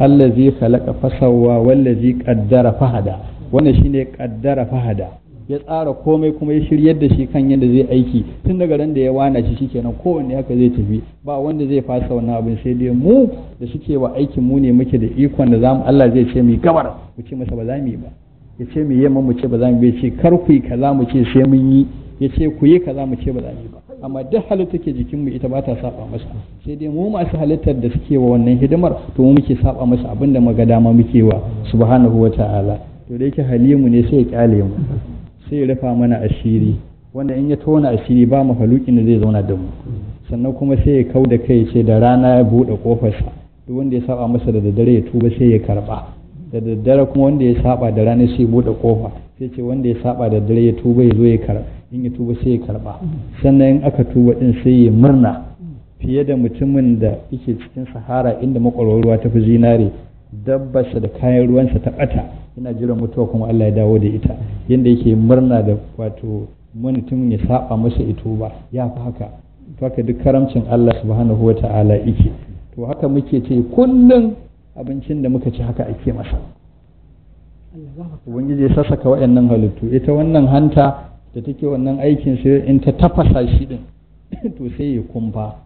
Speaker 3: allazi khalaqa fasawwa wallazi qaddara fahada wannan shine qaddara fahada ya tsara komai kuma ya shiryar da shi kan yadda zai aiki tun daga ran da ya wana shi shikenan kowanne haka zai tafi ba wanda zai fasa wannan abin sai dai mu da suke wa aikin mu ne muke da ikon da zamu Allah zai ce mu gabar mu ce masa ba za mu yi ba ya ce mu yi mu ce ba za mu yi ce kar ku yi kaza mu ce sai mun yi ya ce ku yi kaza mu ce ba za mu yi ba amma duk halitta ke jikin mu ita ba ta saba masa sai dai mu masu halittar da suke wa wannan hidimar to mu muke saba masa abinda da dama muke wa subhanahu wata'ala to da yake halimu ne sai ya kyale mu sai ya rufa mana ashiri wanda in ya tona ashiri ba mahalukin da zai zauna da mu sannan kuma sai ya kau da kai ce da rana ya buɗe ƙofarsa duk wanda ya saba masa da daddare ya tuba sai ya karɓa da daddare kuma wanda ya saba da rana sai ya buɗe ƙofa sai ce wanda ya saba da daddare ya tuba ya zo ya karɓa in ya tuba sai ya karɓa sannan in aka tuba din sai ya murna fiye da mutumin da yake cikin sahara inda makwarwar ruwa ta fi zinare dabbarsa da kayan ruwansa ta ɓata Ina jiran mutuwa kuma Allah ya dawo da ita yadda yake murna da wato mutum ya saba masa ito ba ya fi haka to haka duk karamcin Allah subhanahu wata'ala yake to haka muke ce kullum abincin da muka ci haka ake masa ubangiji ya sassaka waɗannan halittu ita wannan hanta da take wannan aikin sai in ta tafasa shi din to sai ya kumfa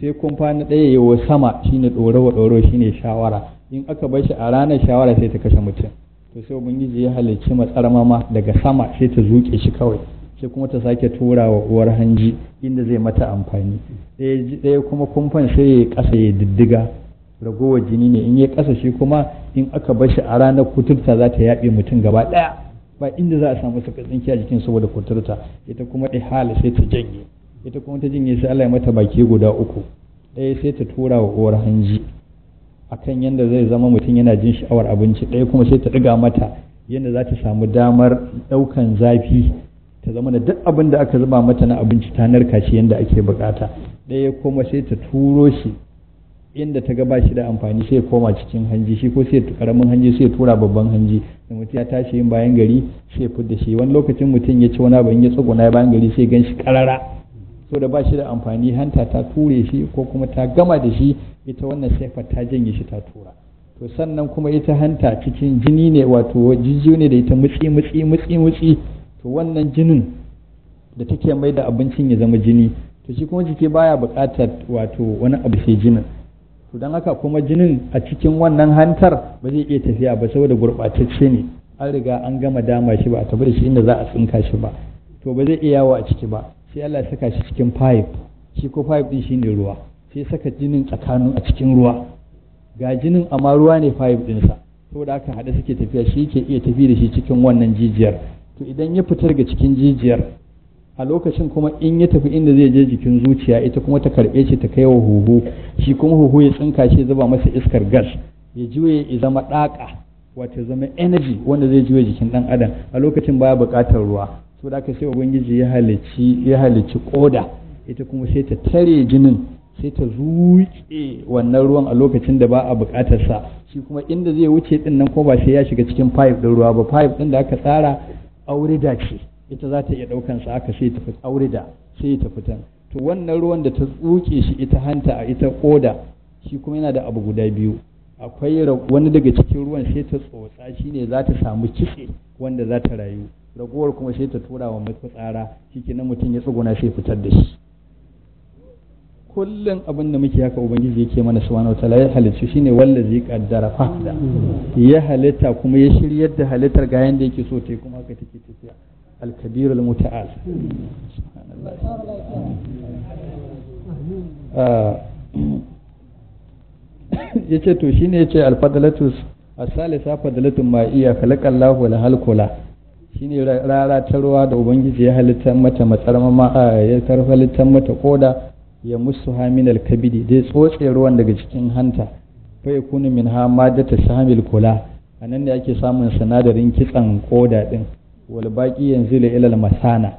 Speaker 3: sai kumfa na ɗaya yawa sama shine ɗorawa shi shine shawara in aka bar shi a ranar shawara sai ta kashe mutum to sai ubangiji ya halarci matsar mama daga sama sai ta zuke shi kawai sai kuma ta sake tura wa uwar hanji inda zai mata amfani ɗaya kuma kumfan sai ya ƙasa ya diddiga ragowar jini ne in ya ƙasa shi kuma in aka bar shi a ranar kuturta za ta yaɓe mutum gaba ɗaya ba inda za a samu saka tsinki a jikin saboda kuturta ita kuma ihala sai ta janye ita kuma ta janye sai Allah ya mata baki guda uku ɗaya sai ta tura wa uwar hanji akan yadda zai zama mutum yana jin sha'awar abinci ɗaya kuma sai ta ɗiga mata yadda za ta samu damar ɗaukan zafi ta zama da duk abin da aka zuba mata na abinci ta narka shi yadda ake buƙata ɗaya kuma sai ta turo shi inda ta gaba shi da amfani sai koma cikin hanji shi ko sai karamin hanji sai tura babban hanji da mutum ya tashi yin bayan gari sai fudda shi wani lokacin mutum ya ci wani abin ya tsuguna bayan gari sai gan shi karara so da ba shi da amfani hanta ta ture shi ko kuma ta gama da shi ita wannan saifar ta janye shi ta tura to sannan kuma ita hanta cikin jini ne wato jijiyo ne da ita mutsi mutsi mutsi mutsi to wannan jinin da take mai da abincin ya zama jini to shi kuma jiki baya buƙatar wato wani abu sai jinin to don haka kuma jinin a cikin wannan hantar ba zai iya tafiya ba saboda gurɓatacce ne an riga an gama dama shi ba a tafi da shi inda za a tsinka shi ba to ba zai iya yawo a ciki ba sai Allah saka shi cikin pipe shi ko pipe din shine ruwa sai saka jinin tsakanin a cikin ruwa ga jinin amma ruwa ne pipe sau saboda haka haɗe suke tafiya shi yake iya tafi da shi cikin wannan jijiyar to idan ya fitar ga cikin jijiyar a lokacin kuma in ya tafi inda zai je jikin zuciya ita kuma ta karɓe shi ta kai wa huhu shi kuma huhu ya tsinka shi zuba masa iskar gas ya juye ya zama ɗaƙa wata zama energy wanda zai juya jikin ɗan adam a lokacin baya buƙatar ruwa So da aka sai ubangiji ya halici ya halici koda ita kuma sai ta tare jinin sai ta zuke wannan ruwan a lokacin da ba a buƙatar sa shi kuma inda zai wuce din nan ko ba sai ya shiga cikin pipe din ruwa ba pipe din da aka tsara aurida ce ita za ta iya ɗaukan sa aka sai ta fita aurida sai ta fita to wannan ruwan da ta tsuke shi ita hanta a ita koda shi kuma yana da abu guda biyu akwai wani daga cikin ruwan sai ta tsotsa shine za ta samu kitse wanda za ta rayu ragowar kuma sai ta tura wa mafitsara na mutum ya tsuguna sai fitar da shi kullum abin da muke haka ubangiji yake mana su wani wata ya shi ne wanda zai kaddara fahda ya halitta kuma ya shirya da halittar ga yanda yake so ta kuma haka take tafiya alkabir kabir al-muta'al yace to shine yace al-fadlatus as-salisa fadlatun ma iya khalaqallahu al halkula. shine rara ta da ubangiji ya halitta mata matsarmama ya halitta mata koda ya musu haminal alkabidi dai tsotse ruwan daga cikin hanta fa kuna min ha ta sahamil kula a nan ne ake samun sinadarin kitsan koda ɗin walbaƙi yanzu la ilal masana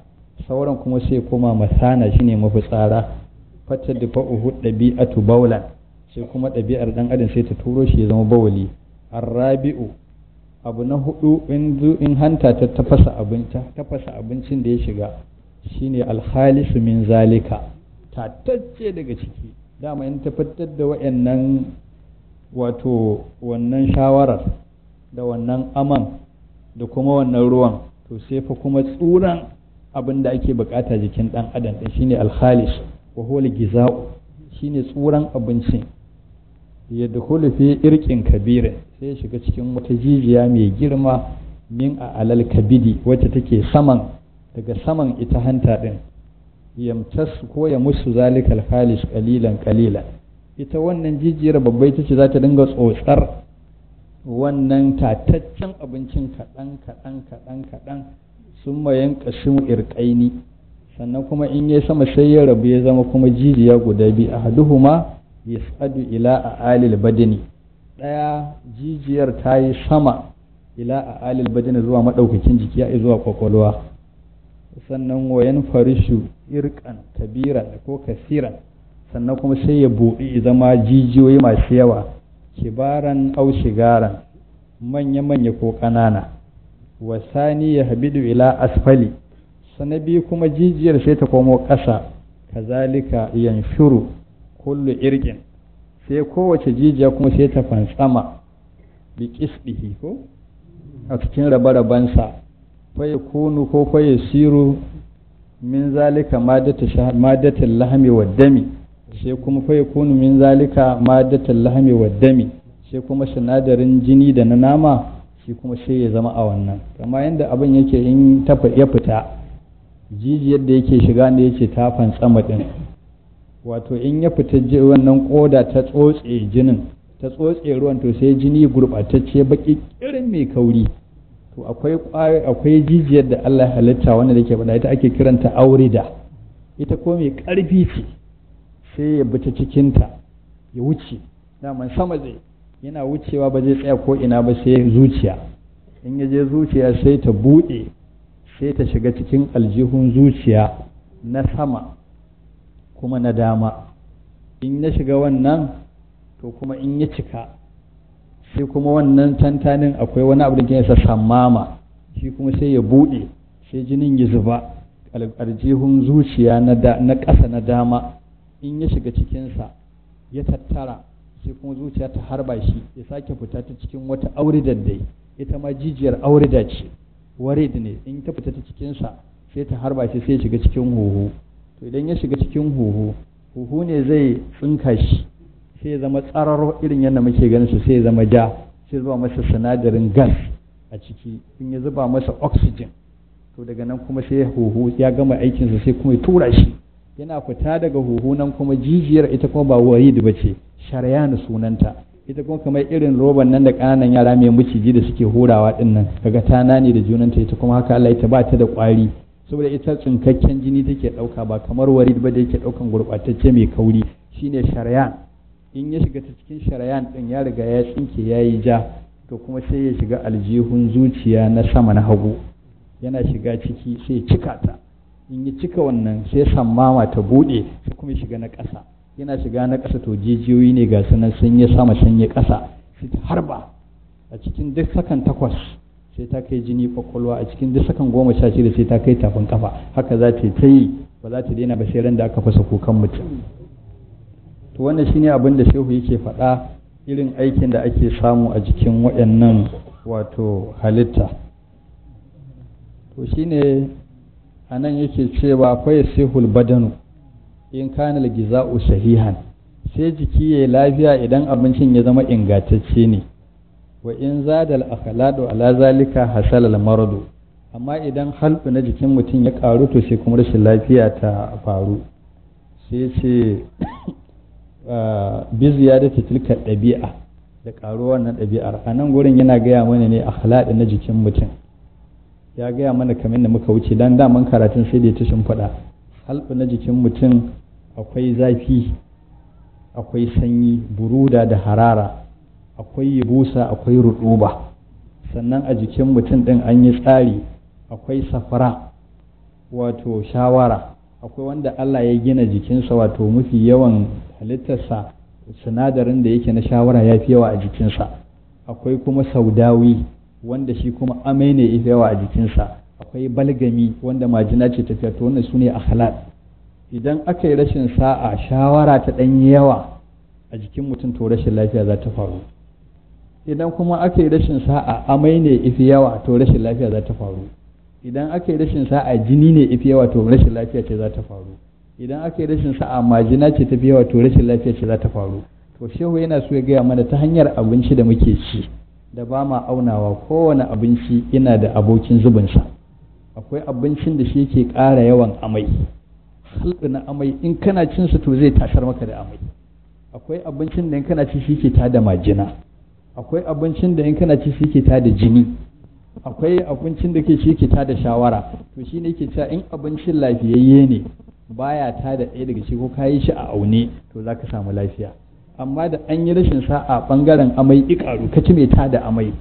Speaker 3: sauran kuma sai koma masana shine mafitsara fatar da fa'uhu dabi'atu bawlan sai kuma ɗabi'ar dan adin sai ta turo shi ya zama bawali arrabi'u abu na hudu in hanta ta tafasa abincin tafasa abincin da ya shiga shine alhalis min zalika tatacce daga ciki dama in fitar da wayannan wato wannan shawarar da wannan aman da kuma wannan ruwan to sai fa kuma tsuran abin da ake bukata jikin dan adam din shine alhalis wa huwa gizau shine tsuran abincin ya dukulu fi irkin kabirin sai shiga cikin wata jijiya mai girma min a alal kabidi wacce take saman daga saman ita hanta din yamtas ko ya musu zalikal khalis kalilan kalilan ita wannan jijiyar babba ita ce za ta dinga tsotsar wannan tataccen abincin kaɗan kaɗan kaɗan kaɗan sun mayan ƙashin irƙaini sannan kuma in ya sama sai ya rabu ya zama kuma jijiya guda biyu a ma. yas'adu ila a'alil badini. daya jijiyar ta yi sama ila a'alil badani zuwa madaukakin jiki ya zuwa kwakwalwa sannan wayan farishu irkan kabiran ko kasiran sannan kuma sai ya buɗi zama jijiyoyi masu yawa kibaran au shigaran manya-manya ko ƙanana wasani ya habidu ila asfali sanabi kuma jijiyar sai ta komo ƙasa kazalika yanshuru kullu irqin sai kowace jijiya kuma sai ta fansama bi kisbihi ko a cikin rabarabansa faye kunu ko faye siru min zalika madatul lahmi wa dami sai kuma faye kunu min zalika madatul lahmi wa dami sai kuma sinadarin jini da na nama shi kuma sai ya zama a wannan amma yadda abin yake in ya fita jijiyar da yake shiga ne yake ta fansama din wato in ya fita wannan koda ta tsotse jinin ta tsotse ruwan to sai jini gurɓatacce baki irin mai kauri to akwai akwai jijiyar da Allah halitta wanda yake bada ita ake kiranta aurida ita ko mai ƙarfi ce sai ya cikin ta ya wuce daman sama zai yana wucewa ba zai tsaya ko ina ba sai zuciya in ya je zuciya sai ta buɗe sai ta shiga cikin aljihun zuciya na sama kuma na dama in ya shiga wannan to kuma in ya cika sai kuma wannan tantanin akwai wani abu da ke yasa samama shi kuma sai ya buɗe sai jinin ya zuba aljihun zuciya na ƙasa na dama in ya shiga cikinsa ya tattara sai kuma zuciya ta harba shi ya sake fita ta cikin wata da dai ita ma jijiyar aurida ce da ne in ta fita ta cikinsa sai ta harba shi sai ya shiga cikin huhu to idan ya shiga cikin huhu huhu ne zai tsinka shi sai ya zama tsararo irin yadda muke ganin su sai ya zama ja sai zuba masa sinadarin gas a ciki in ya zuba masa oxygen to daga nan kuma sai huhu ya gama aikin aikinsa sai kuma ya tura shi yana fita daga huhu nan kuma jijiyar ita kuma ba wahid ba ce sharyani sunanta ita kuma kamar irin roban nan da kananan yara mai maciji da suke hurawa dinnan kaga tana ne da junanta ita kuma haka Allah ta ba ta da kwari saboda ita tsinkakken jini take ɗauka ba kamar wari ba da yake ɗaukan gurɓatacce mai kauri shine sharayan in ya shiga ta cikin sharayan ɗin ya riga ya tsinke ya yi ja to kuma sai ya shiga aljihun zuciya na sama na hagu yana shiga ciki sai ya cika ta in ya cika wannan sai sammama ta buɗe sai kuma shiga na ƙasa yana shiga na ƙasa to jijiyoyi ne ga sunan sun yi sama sun yi ƙasa sai ta harba a cikin duk sakan takwas sai ta kai jini kwakwalwa a cikin duk sakan goma sha shida sai ta kai tafin kafa haka za ta ta yi ba za ta daina ba sai ran da aka fasa kukan mutum to wannan shine abin da shehu yake faɗa irin aikin da ake samu a jikin waɗannan wato halitta to shine a nan yake cewa akwai sihul badanu in kanal giza'u sahihan sai jiki ya lafiya idan abincin ya zama ingantacce ne wa in zadal akhlaqu ala zalika hasal al maradu amma idan halɓu na jikin mutum ya karu to sai kuma rashin lafiya ta faru sai ce ah, bi ziyadati tilka ɗabi'a da ƙaruwar wannan ɗabi'ar a nan gurin yana gaya mana ne akhlaqi na jikin mutum ya gaya mana kamar da muka wuce dan daman karatun sai da ta shimfiɗa halɓu na jikin mutum akwai zafi akwai sanyi buruda da harara akwai yibusa akwai Ruduba sannan a jikin mutum ɗin an yi tsari akwai safara wato shawara akwai wanda Allah ya gina jikinsa wato mafi yawan halittarsa sinadarin da yake na shawara ya fi yawa a jikinsa akwai kuma saudawi wanda shi kuma amai ne ya yawa a jikinsa akwai balgami wanda majina ce tafiya to wannan sune akhlaq idan aka yi rashin sa'a shawara ta ɗan yawa a jikin mutum to rashin lafiya za ta faru idan kuma aka yi rashin sa'a amai ne ifi yawa to rashin lafiya za ta faru idan aka yi rashin sa'a jini ne ifi yawa to rashin lafiya ce za ta faru idan aka yi rashin sa'a majina ce ta fi yawa to rashin lafiya ce za ta faru to shehu yana so ya gaya mana ta hanyar abinci da muke ci da ba ma aunawa kowane abinci yana da abokin zubinsa akwai abincin da shi ke ƙara yawan amai halka na amai in kana cin su to zai tashar maka da amai akwai abincin da in kana ci shi ke tada majina akwai abincin da in kana ci shi ke tada jini akwai abincin da ke shi ke tada shawara to shi ne ke cewa in abincin lafiyayye ne baya ta da ɗaya daga ciki ko kayi shi a aune to za ka samu lafiya amma da an yi rashin sa'a bangaren amai ikaru ka ci mai tada amai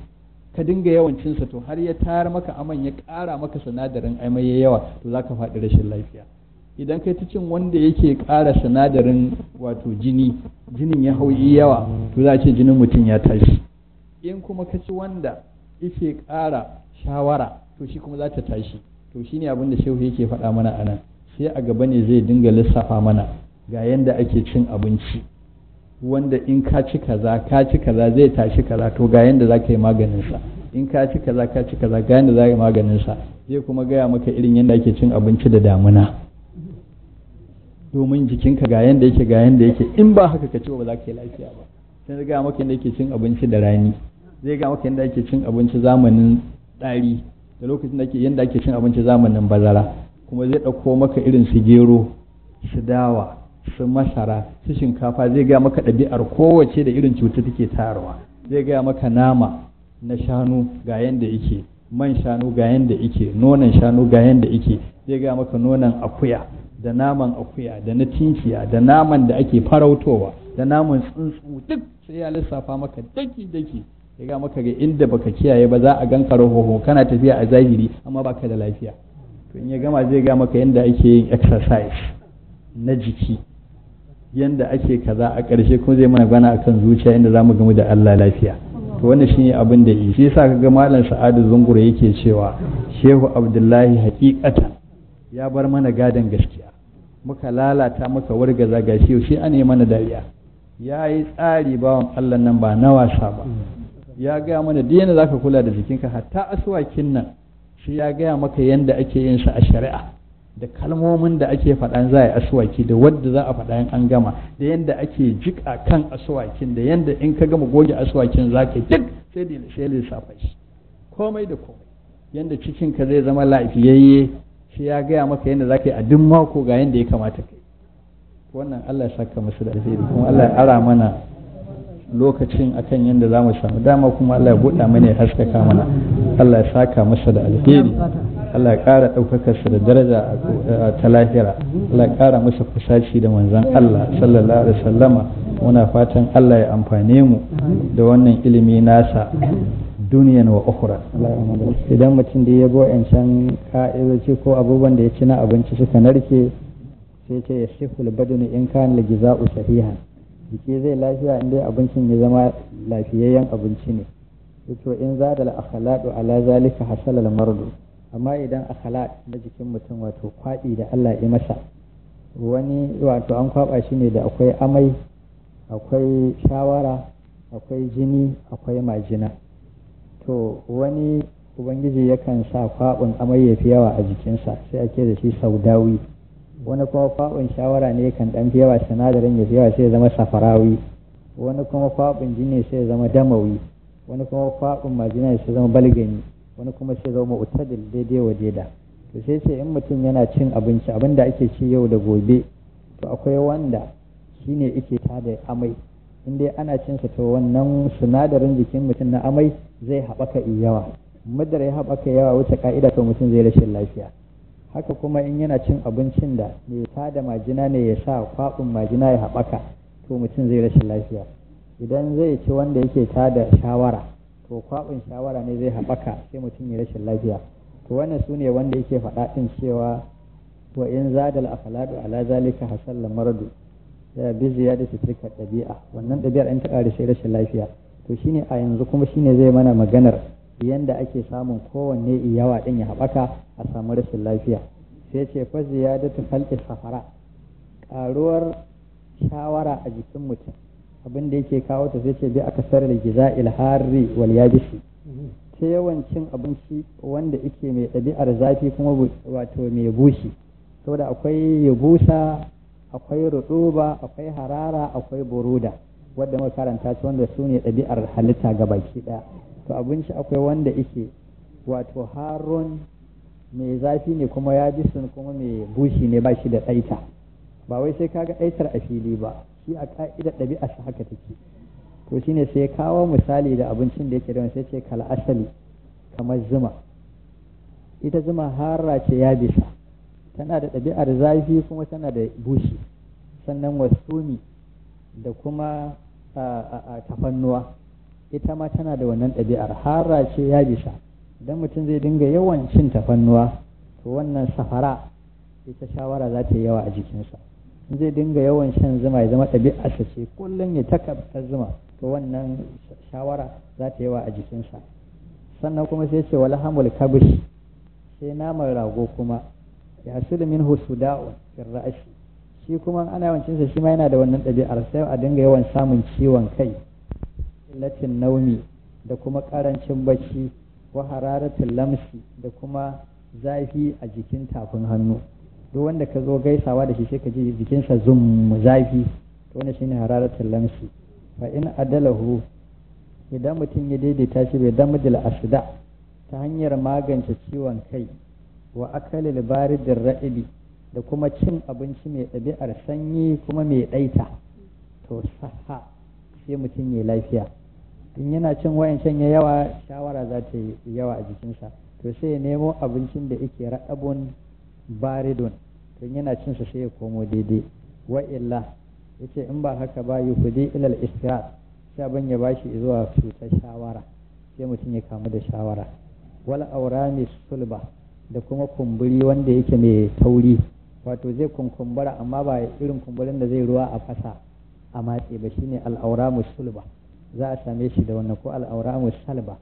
Speaker 3: ka dinga yawancinsa to har ya tayar maka aman ya ƙara maka sinadarin amai ya yawa to za ka faɗi rashin lafiya idan kai ta cin wanda yake ƙara sinadarin wato jini jinin ya hau yawa to za a ce jinin mutum ya tashi in kuma ka ci wanda yake ƙara shawara to shi kuma za ta tashi to shi abin da shehu yake faɗa mana a nan sai a gaba ne zai dinga lissafa mana ga yanda ake cin abinci wanda in ka ci kaza ka ci kaza zai tashi kaza to ga yanda za ka yi maganin sa in ka ci kaza ka ci kaza ga yanda za ka yi maganin sa zai kuma gaya maka irin yanda ake cin abinci da damuna domin jikinka ga yanda yake ga yanda yake in ba haka ka ci ba za ka yi lafiya ba sai ga maka yanda yake cin abinci da rani zai ga maka yadda ake cin abinci zamanin ɗari da lokacin da ake yadda ake cin abinci zamanin bazara kuma zai ɗauko maka irin su gero su dawa su masara su shinkafa zai ga maka ɗabi'ar kowace da irin cuta take tarawa zai gaya maka nama na shanu ga yadda yake man shanu ga yadda yake nonon shanu ga yadda yake zai ga maka nonon akuya da naman akuya da na tinkiya da naman da ake farautowa da naman tsuntsu duk sai ya lissafa maka daki-daki ya ga maka ga inda baka kiyaye ba za a ganka rahoho kana tafiya a zahiri amma baka da lafiya to in ya gama zai ga maka yanda ake yin exercise na jiki yanda ake kaza a ƙarshe kuma zai mana gana akan zuciya inda zamu gamu da Allah lafiya to wannan shine abin da yi shi yasa kaga malam Sa'adu Zungure yake cewa Shehu Abdullahi hakikata. ya bar mana gadon gaskiya muka lalata muka wargaza gashi shi an yi mana dariya ya yi tsari bawan Allah nan ba na wasa ba ya gaya mana duk yadda zaka kula da jikinka hatta aswakin nan shi ya gaya maka yadda ake yin sa a shari'a da kalmomin da ake faɗan za a aswaki da wadda za a faɗa an gama da yadda ake jika kan aswakin da yadda in ka gama goge aswakin za ka duk sai da sai lissafa shi komai da komai yadda cikinka zai zama lafiyayye shi ya gaya maka yadda za ka yi a duk mako ga yadda ya kamata ka yi wannan allah ya saka masu da alheri kuma allah ya ara mana lokacin akan yadda za mu samu dama kuma Allah ya buɗa mana ya haskaka mana Allah ya saka masa da alheri Allah ya ƙara ɗaukakarsa da daraja ta lahira Allah ya ƙara masa kusaci da manzan Allah sallallahu alaihi wasallama muna fatan Allah ya amfane mu da wannan
Speaker 1: ilimi nasa duniyan wa ukhra idan mutum da ya bo can ka'idoci ko abubuwan da ya ci na abinci suka narke sai ce ya shekul badani in kan ligiza'u sahihan jiki zai lafiya in dai abincin ya zama lafiyayyen abinci ne to in za da akhlaqu ala zalika hasala al-mardu amma idan akhlaq na jikin mutum wato kwaɗi da Allah ya masa wani wato an kwaba shi ne da akwai amai akwai shawara akwai jini akwai majina to wani ubangiji yakan sa kwaɓin amai ya fi yawa a jikinsa sai ake da shi saudawi wani kuma faɓin shawara ne kan ɗan yawa sinadarin ya yawa sai ya zama safarawi wani kuma faɓin jini sai ya zama damawi wani kuma faɓin majina sai zama balgani wani kuma sai ya zama utadil daidai wa daida to sai sai in mutum yana cin abinci abin da ake ci yau da gobe to akwai wanda shine ike tada amai in dai ana cin sa to wannan sinadarin jikin mutum na amai zai haɓaka iyawa muddar ya haɓaka yawa wuce ka'ida to mutum zai rashin lafiya haka kuma in yana cin abincin da mai fada majina ne ya sa kwaɓin majina ya haɓaka to mutum zai rashin lafiya idan zai ci wanda yake tada shawara to kwaɓin shawara ne zai haɓaka sai mutum ya rashin lafiya to wannan su ne wanda yake faɗa ɗin cewa wa in zadal akhlaqu ala zalika hasal Lamardu ya bi su tilka ɗabi'a wannan ɗabi'ar in ta da sai rashin lafiya to shine a yanzu kuma shine zai mana maganar yanda ake samun kowanne iyawa ɗin ya haɓaka a samu rashin lafiya sai ce fa ziyadatu khalqi safara ƙaruwar shawara a jikin mutum abin da yake kawo ta sai ce bi aka da giza ilhari wal yabisi ta yawan cin abinci wanda yake mai ɗabi'ar zafi kuma wato mai bushi saboda akwai yabusa akwai ruɗuba akwai harara akwai buruda wadda muka karanta su wanda su ne ɗabi'ar halitta ga baki ɗaya to abinci akwai wanda yake wato haron mai zafi ne kuma ya ji sun kuma mai bushi ne ba shi da tsaita ba wai sai kaga tsaitar a fili ba shi a ka'idar ɗabi'a shi haka take to shine sai kawo misali da abincin da yake da sai ce kal asali kamar zuma ita zuma hara ce ya bisa tana da ɗabi'ar zafi kuma tana da bushi sannan wasumi da kuma a tafannuwa ita ma tana da wannan ɗabi'ar har ce ya bisa idan mutum zai dinga yawan cin tafannuwa to wannan safara ita shawara za ta yi yawa a jikinsa in zai dinga yawan shan zuma ya zama ɗabi'arsa ce kullum ya takabta zuma to wannan shawara za ta yi yawa a jikinsa sannan kuma sai ce wala hamul kabish sai naman rago kuma ya hasulu min husuda'un fil ra'shi shi kuma ana yawancinsa shi ma yana da wannan ɗabi'ar sai a dinga yawan samun ciwon kai Latin naumi da kuma karancin bacci ko hararatin lamsi da kuma zafi a jikin tafin hannu duk wanda ka zo gaisawa da shi sai ka ji jikinsa zum zafi to wannan shine hararatin lamsi fa in adalahu idan mutum ya daidaita shi bai damajil asida ta hanyar magance ciwon kai wa akali baridin ra'ibi da kuma cin abinci mai ɗabi'ar sanyi kuma mai ɗaita to saha sai mutum ya lafiya in yana cin wayancan ya yawa shawara za ta yi yawa a jikinsa to sai ya nemo abincin da yake raɗabon baridon to yana cin sai ya komo daidai wa illa ce in ba haka ba yi kudi ilal istirahat sai abin ya bashi zuwa cutar shawara sai mutum ya kamu da shawara wal aurami sulba da kuma kumburi wanda yake mai tauri wato zai kunkumbura amma ba irin kumburin da zai ruwa a fasa a matse ba shine al auramu sulba za a same shi da wannan ko al'auramu salba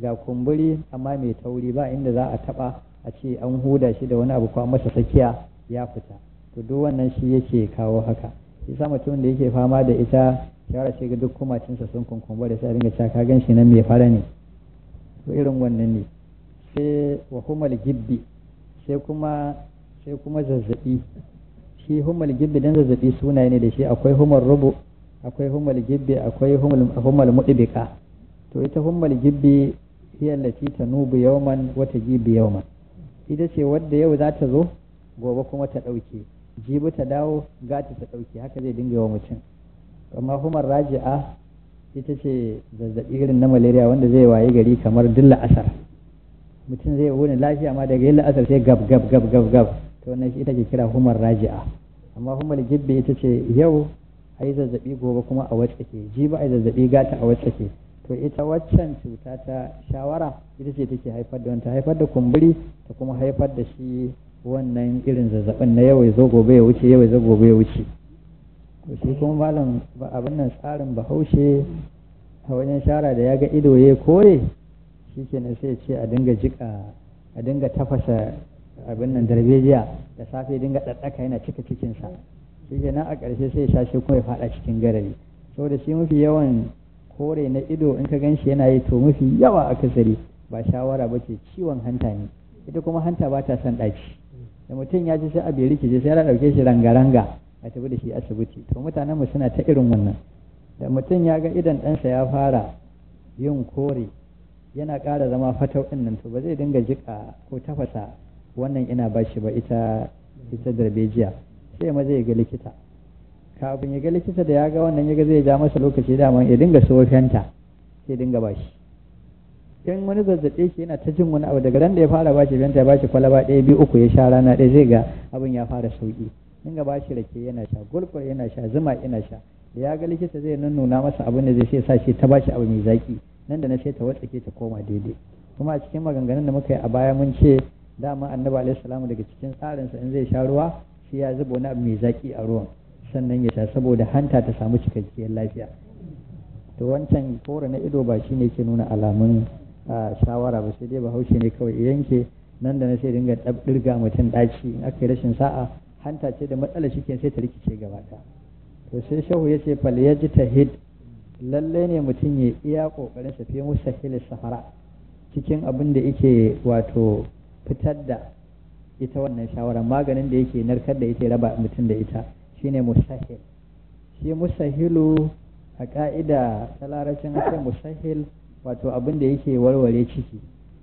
Speaker 1: ga kumburi amma mai tauri ba inda za a taba a ce an huda shi da wani abu ko masa sakiya ya fita to duk wannan shi yake kawo haka yasa mutum da yake fama da ita shawara ce ga duk kumacinsa sun kunkumba da sai a dinga cewa ka gan shi nan mai fara ne to irin wannan ne sai wa humal gibbi sai kuma sai kuma zazzabi shi humal gibbi dan zazzabi sunaye ne da shi akwai humal rubu akwai humal gibbi akwai humal mudibika to ita humal gibbi hiya lati tanubu yawman wa tajibu yawman ita ce wadda yau za ta zo gobe kuma ta dauke jibi ta dawo gata ta dauke haka zai dinga yawa mutum amma humar raji'a ita ce zazzabi irin na malaria wanda zai waye gari kamar dilla asar mutum zai wuni lafiya ma daga yin la'asar sai gab gab gab gab gab to wannan ita ke kira humar raji'a amma humal gibbe ita ce yau a yi zazzaɓi gobe kuma a ke ji ba a yi zazzaɓi gata a wacce ke to ita waccan cuta ta shawara ita ce take haifar da wani haifar da kumburi ta kuma haifar da shi wannan irin zazzaɓin na yawai ya zo gobe ya wuce yawai zo gobe ya wuce to shi kuma malam ba abin nan tsarin bahaushe a wajen shara da ya ga ido ya kore shi ke na sai ce a dinga jika a dinga tafasa abin nan darbejiya da safe dinga ɗaɗɗaka yana cika cikinsa shi kenan a ƙarshe sai shi kuma ya faɗa cikin garari da shi mafi yawan kore na ido in ka gan shi yana yi to mafi yawa a akasari ba shawara ba ce ciwon hanta ne ita kuma hanta ba ta son ɗaci da mutum ya ji sai abin ya rikice sai ya ɗauke shi ranga-ranga a tafi da shi asibiti to mutanen mu suna ta irin wannan da mutum ya ga idon ɗansa ya fara yin kore yana ƙara zama fatau ɗin nan to ba zai dinga jiƙa ko tafasa wannan ina ba shi ba ita ita darbejiya sai ma zai ga likita kafin ya ga likita da ya ga wannan ya ga zai ja masa lokaci dama ya dinga sofenta sai dinga bashi in wani zazzaɓe shi yana ta jin wani abu daga ran da ya fara bashi fenta ya bashi kwalaba ɗaya biyu uku ya sha rana ɗaya zai ga abin ya fara sauki dinga bashi rake yana sha gulkur yana sha zuma yana sha da ya ga likita zai nuna masa abin da zai sai sa shi ta bashi abu mai zaki nan da na sai ta watsake ta koma daidai kuma a cikin maganganun da muka yi a baya mun ce dama annabi alaihi salamu daga cikin tsarinsa in zai sha ruwa sai ya zuba wani abu mai zaki a ruwan sannan ya sha saboda hanta ta samu cikakkiyar lafiya to wancan kore na ido ba shine ke nuna alamun shawara ba sai dai ba bahaushe ne kawai idan ke nan da na sai dinga ɗirga mutum daci in aka yi rashin sa'a hanta ce da matsala shi sai ta rikice gaba ta to sai shahu ya ce fal ya ji tahid lallai ne mutum ya iya ƙoƙarin sa fi musa sahara cikin abin da yake wato fitar da ita wannan shawara maganin da yake narkar da ita raba mutum da ita shine musahil shi musahilu a ka'ida ta larabcin ake musahil wato abin da yake warware ciki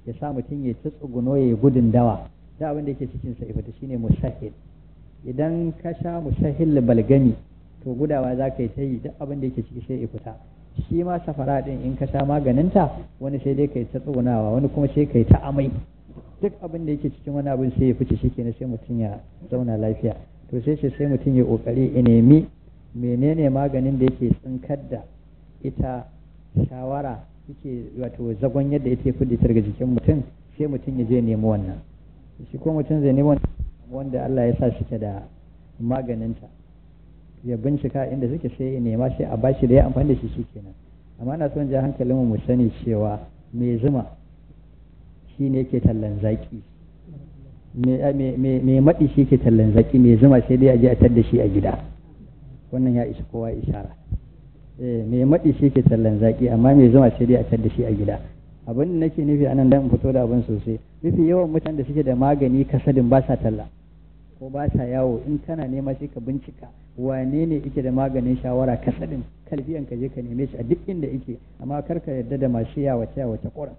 Speaker 1: ya sa mutum ya ta tsuguno ya gudun dawa da abin da yake cikin sa ifata shine musahil idan ka sha musahil balgami to gudawa za ka yi ta yi duk abin da yake ciki sai ifita shi ma safara din in ka sha maganinta wani sai dai ka yi ta tsugunawa wani kuma sai ka yi ta amai duk abin da yake cikin wani abin sai ya fice shi kenan sai mutum ya zauna lafiya to sai ce sai mutum ya kokari ya nemi menene maganin da yake tsinkar da ita shawara yake wato zagon yadda ita fi fitar daga jikin mutum sai mutum ya je nemi wannan shi ko mutum zai nemi wanda Allah ya sa shi ke da maganinta ya bincika inda suke sai ya nema sai a bashi da ya amfani da shi kenan amma na son ja hankalin mu sani cewa mai zuma shi ne ke tallan zaki mai maɗi shi yake tallan zaki mai zuma sai dai a je a tar da shi a gida wannan ya isa kowa ishara eh, mai maɗi shi yake tallan zaki amma mai zuma sai dai a tar da shi a gida abin da nake nufi anan dan fito da abin sosai mafi yawan mutan da suke da magani kasadin ba sa talla ko ba sa yawo in kana nema sai ka bincika wane ne yake da maganin shawara kasadin kalbiyan ka je ka neme shi a duk inda yake amma kar ka yarda da masu yawace yawace ƙoran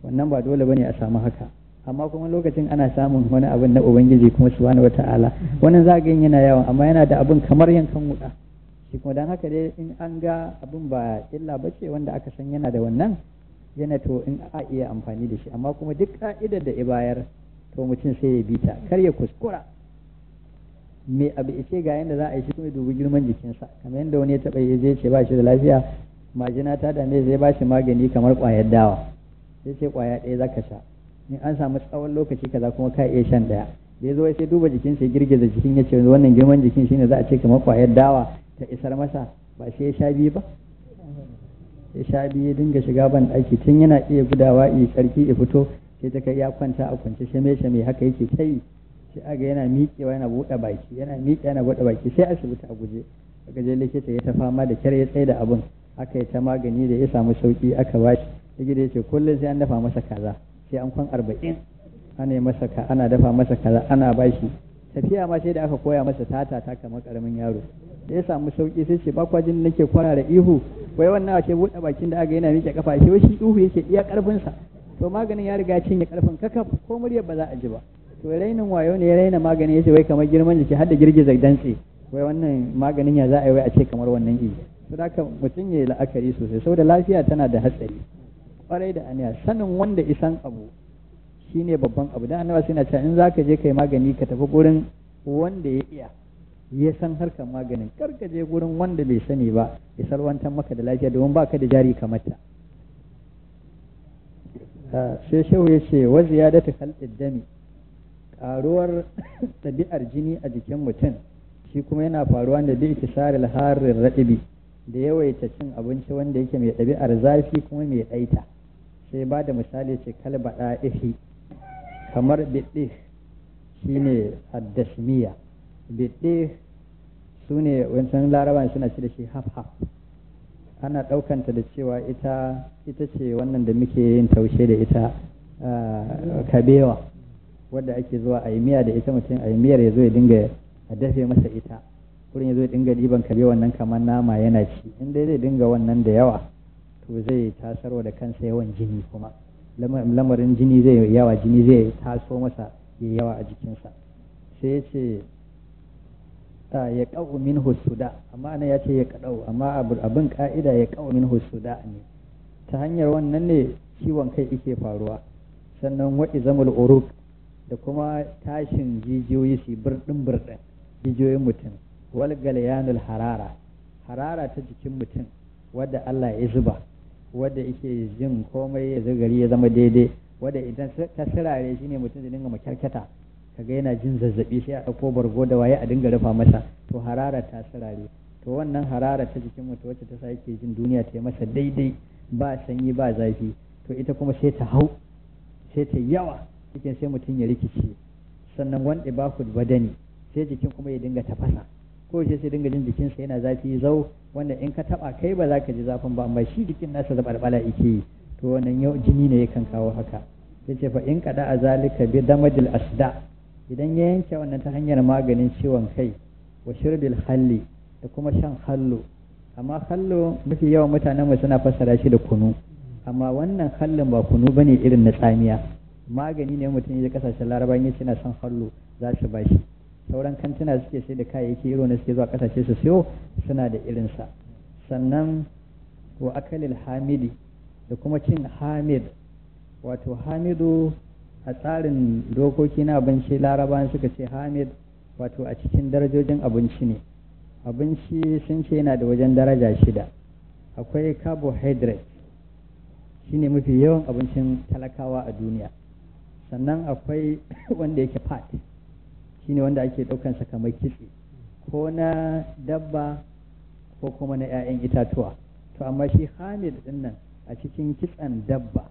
Speaker 1: wannan ba dole bane a samu haka amma kuma lokacin ana samun wani abin na ubangiji kuma subhanahu wata'ala wannan za ga yana yawan amma yana da abin kamar yankan wuka shi kuma dan haka dai in an ga abin ba illa bace wanda aka san yana da wannan yana to in a iya amfani da shi amma kuma duk ka'idar da ibayar to mutum sai ya bita kar ya kuskura me abu ice ga yanda za a yi shi kuma dubi girman jikinsa kamar yadda wani ya taɓa ya zai ce ba shi da lafiya majina ta dame zai ba shi magani kamar ƙwayar dawa sai ce kwaya ɗaya zaka sha in an samu tsawon lokaci kaza kuma ka iya shan ɗaya da ya zo sai duba jikin sai girgiza jikin ya ce wannan girman jikin shine za a ce kamar kwayar dawa ta isar masa ba sai ya sha biyu ba ya sha biyu ya dinga shiga ban ɗaki tun yana iya gudawa iya tsarki ya fito sai ta kai ya kwanta a kwance shame shame haka yake yi sai aga yana miƙewa yana buɗe baki yana miƙe yana buɗe baki sai asibiti a guje aka je likita ya ta fama da kyar ya tsaye da abun aka yi ta magani da ya samu sauki aka bashi ya gida yace kullum sai an dafa masa kaza sai an kwan arba'in ana masa ka ana dafa masa kaza ana bashi tafiya ma sai da aka koya masa tata ta kamar karamin yaro da ya samu sauki sai ce jin nake kwana da ihu wai wannan ake buɗe bakin da aka yana miƙe kafa shi shi ihu yake iya karfinsa to maganin ya riga cinye karfin kakaf ko murya ba za a ji ba to rainin wayo ne ya raina maganin yace wai kamar girman jiki har da girgiza dantse wai wannan maganin ya za a yi wai a ce kamar wannan ihu to da mutum ya yi la'akari sosai saboda lafiya tana da hatsari kwarai da aniya sanin wanda isan abu shine babban abu da annabi sai cewa in zaka je kai magani ka tafi gurin wanda ya iya ya san harkar maganin kar je gurin wanda bai sani ba ya sarwantar maka da lafiya domin baka da jari kamar ta sai shehu ya ce wa ziyadatu khalqid dami karuwar ɗabi'ar jini a jikin mutum shi kuma yana faruwa da bi ikisaril harin raɗibi da yawaita cin abinci wanda yake mai ɗabi'ar zafi kuma mai ɗaita sai ba da misali ce kalba ɗa'ihi kamar biɗɗih shi ne addasmiya biɗɗih su ne wancan laraba suna ci da shi haf-haf ana ɗaukanta da cewa ita ita ce wannan da muke yin taushe da ita ah, kabewa wadda ake zuwa a yi miya da ita mutum a miyar ya zo ya dinga a dafe masa ita kurin ya zo ya dinga diban kabewa nan kamar nama yana ci in dai zai dinga wannan da yawa to zai tasarwa da kansa yawan jini kuma lamarin jini zai yawa jini zai taso masa ya yawa a jikinsa sai ya ce ya ƙa'u min husuda amma ana ya ce ya ƙaɗau amma abin ƙa'ida ya ƙa'u min husuda ne ta hanyar wannan ne ciwon kai ike faruwa sannan wa'i zamul uruk da kuma tashin jijiyoyi su birɗin birɗin jijiyoyin mutum wal galyanul harara harara ta jikin mutum wadda Allah ya zuba wadda yake jin komai ya gari ya zama daidai wadda idan ta sirare shine mutum zai dinga makyarkyata ga yana jin zazzabi sai a ɗauko bargo da waye a dinga rufa masa to harara ta sirare to wannan harara ta jikin mutum wacce ta sake jin duniya ta yi masa daidai ba sanyi ba zafi to ita kuma sai ta hau sai ta yawa cikin sai mutum ya rikice sannan wanda ba ku badani sai jikin kuma ya dinga tafasa ko sai dinga jin jikinsa yana zafi zau wanda in ka taba kai ba za ka ji zafin ba amma shi jikin nasa da balbala yake yi to wannan yau jini ne yakan kawo haka ce fa in da azalika bi damajil asda idan ya yanke wannan ta hanyar maganin ciwon kai wa shirbil halli da kuma shan hallo amma hallo mafi yawan mutanen mu suna fassara shi da kunu amma wannan hallin ba kunu bane irin na tsamiya magani ne mutum ya kasashen larabawa yace na san hallo za su shi. sauran kantuna suke sai da kayayyaki irin na suke zuwa kasashe su siyo suna da sa sannan wa akalil hamidi da kuma cin hamid wato hamidu a tsarin dokoki na abinci larabawa suka ce hamid wato a cikin darajojin abinci ne abinci sun ce yana da wajen daraja shida akwai carbohydrate shine mafi yawan abincin talakawa a duniya sannan akwai wanda yake fat ne wanda ake ɗaukansa sa kamar kitse ko na dabba ko kuma na 'ya'yan itatuwa to amma shi hamid din nan a cikin kitsen dabba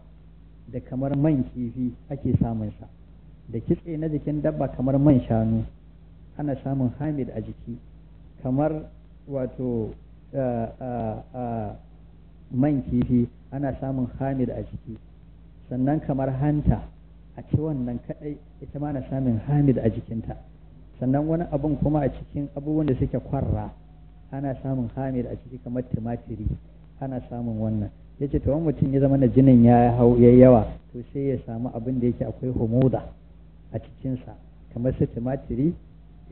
Speaker 1: da kamar man kifi ake samun sa da kitse na jikin dabba kamar man shanu ana samun hamid a jiki kamar wato man kifi ana samun hamid a jiki sannan kamar hanta a ci wannan kadai ita ma na samun hamid a jikinta sannan wani abun kuma a cikin abubuwan da suke kwarra ana samun hamir a ciki kamar tumatiri ana samun wannan ya ce to mutum ya zama na jinin ya hau ya yawa to sai ya samu abin da yake akwai homoda a cikinsa kamar su tumatiri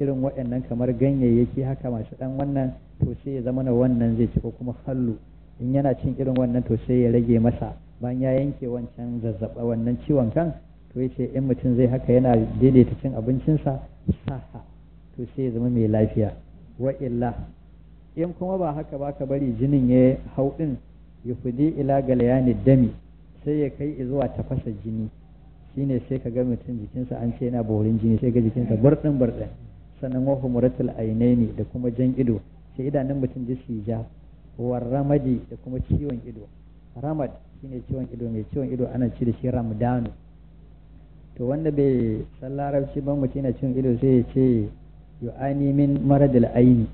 Speaker 1: irin waɗannan kamar ganyayyaki haka masu ɗan wannan to sai ya zama na wannan zai ci ko kuma hallu in yana cin irin wannan to sai ya rage masa bayan ya yanke wancan zazzaɓa wannan ciwon kan to ya ce in mutum zai haka yana daidaita cin abincinsa to sai ya zama mai lafiya wa illa in kuma ba haka ba ka bari jinin ya hau din ya fudi ila galayani dami sai ya kai zuwa tafasa jini shine sai ka ga mutum jikinsa an ce yana borin jini sai ga jikinsa burɗin burɗin sannan wa humuratul ainaini da kuma jan ido sai idanun mutum ji su ja warramadi da kuma ciwon ido ramad shine ciwon ido mai ciwon ido ana ci da shi ramadanu to wanda bai san larabci ba mutum na cin ido sai ya ce yu'ani min maradil aini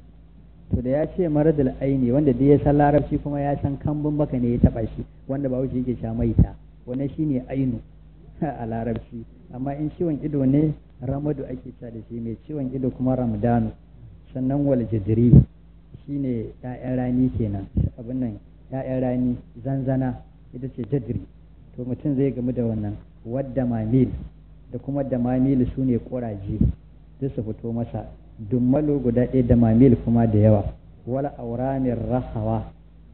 Speaker 1: to da ya ce maradil aini wanda dai ya san larabci kuma ya san kambun baka ne ya taba shi wanda ba wuce yake sha maita wannan shine ainu a larabci amma in ciwon ido ne ramadu ake sa da shi mai ciwon ido kuma ramadanu sannan wal jidri shine ya'yan rani kenan abin nan ya'yan rani zanzana ita ce jadri to mutum zai gamu da wannan wadda mamil da kuma damamil su ne ƙuraje duk su fito masa dummalo guda ɗaya mamil kuma da yawa wala auramin rahawa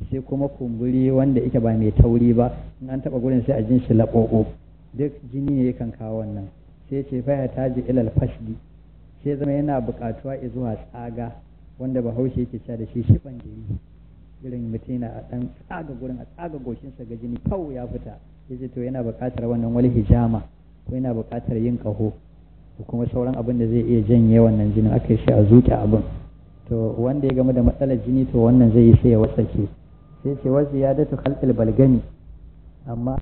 Speaker 1: sai kuma kumburi wanda ita ba mai tauri ba in an taɓa gurin sai a jin shi laɓoɓo duk jini ne yakan kawo wannan sai ce fa ya taji ilal fasdi sai zama yana buƙatuwa zuwa tsaga wanda bahaushe yake cewa da shi shiban jini irin mutum yana a ɗan tsaga gurin a tsaga goshinsa ga jini kawai ya fita ya ce to yana buƙatar wannan wani hijama ko yana buƙatar yin ƙaho ko kuma sauran abin da zai iya janye wannan jinin aka shi a zuƙe abin to wanda ya gamu da matsalar jini to wannan zai yi sai ya ke sai ce wasu ya datu halƙil balgami amma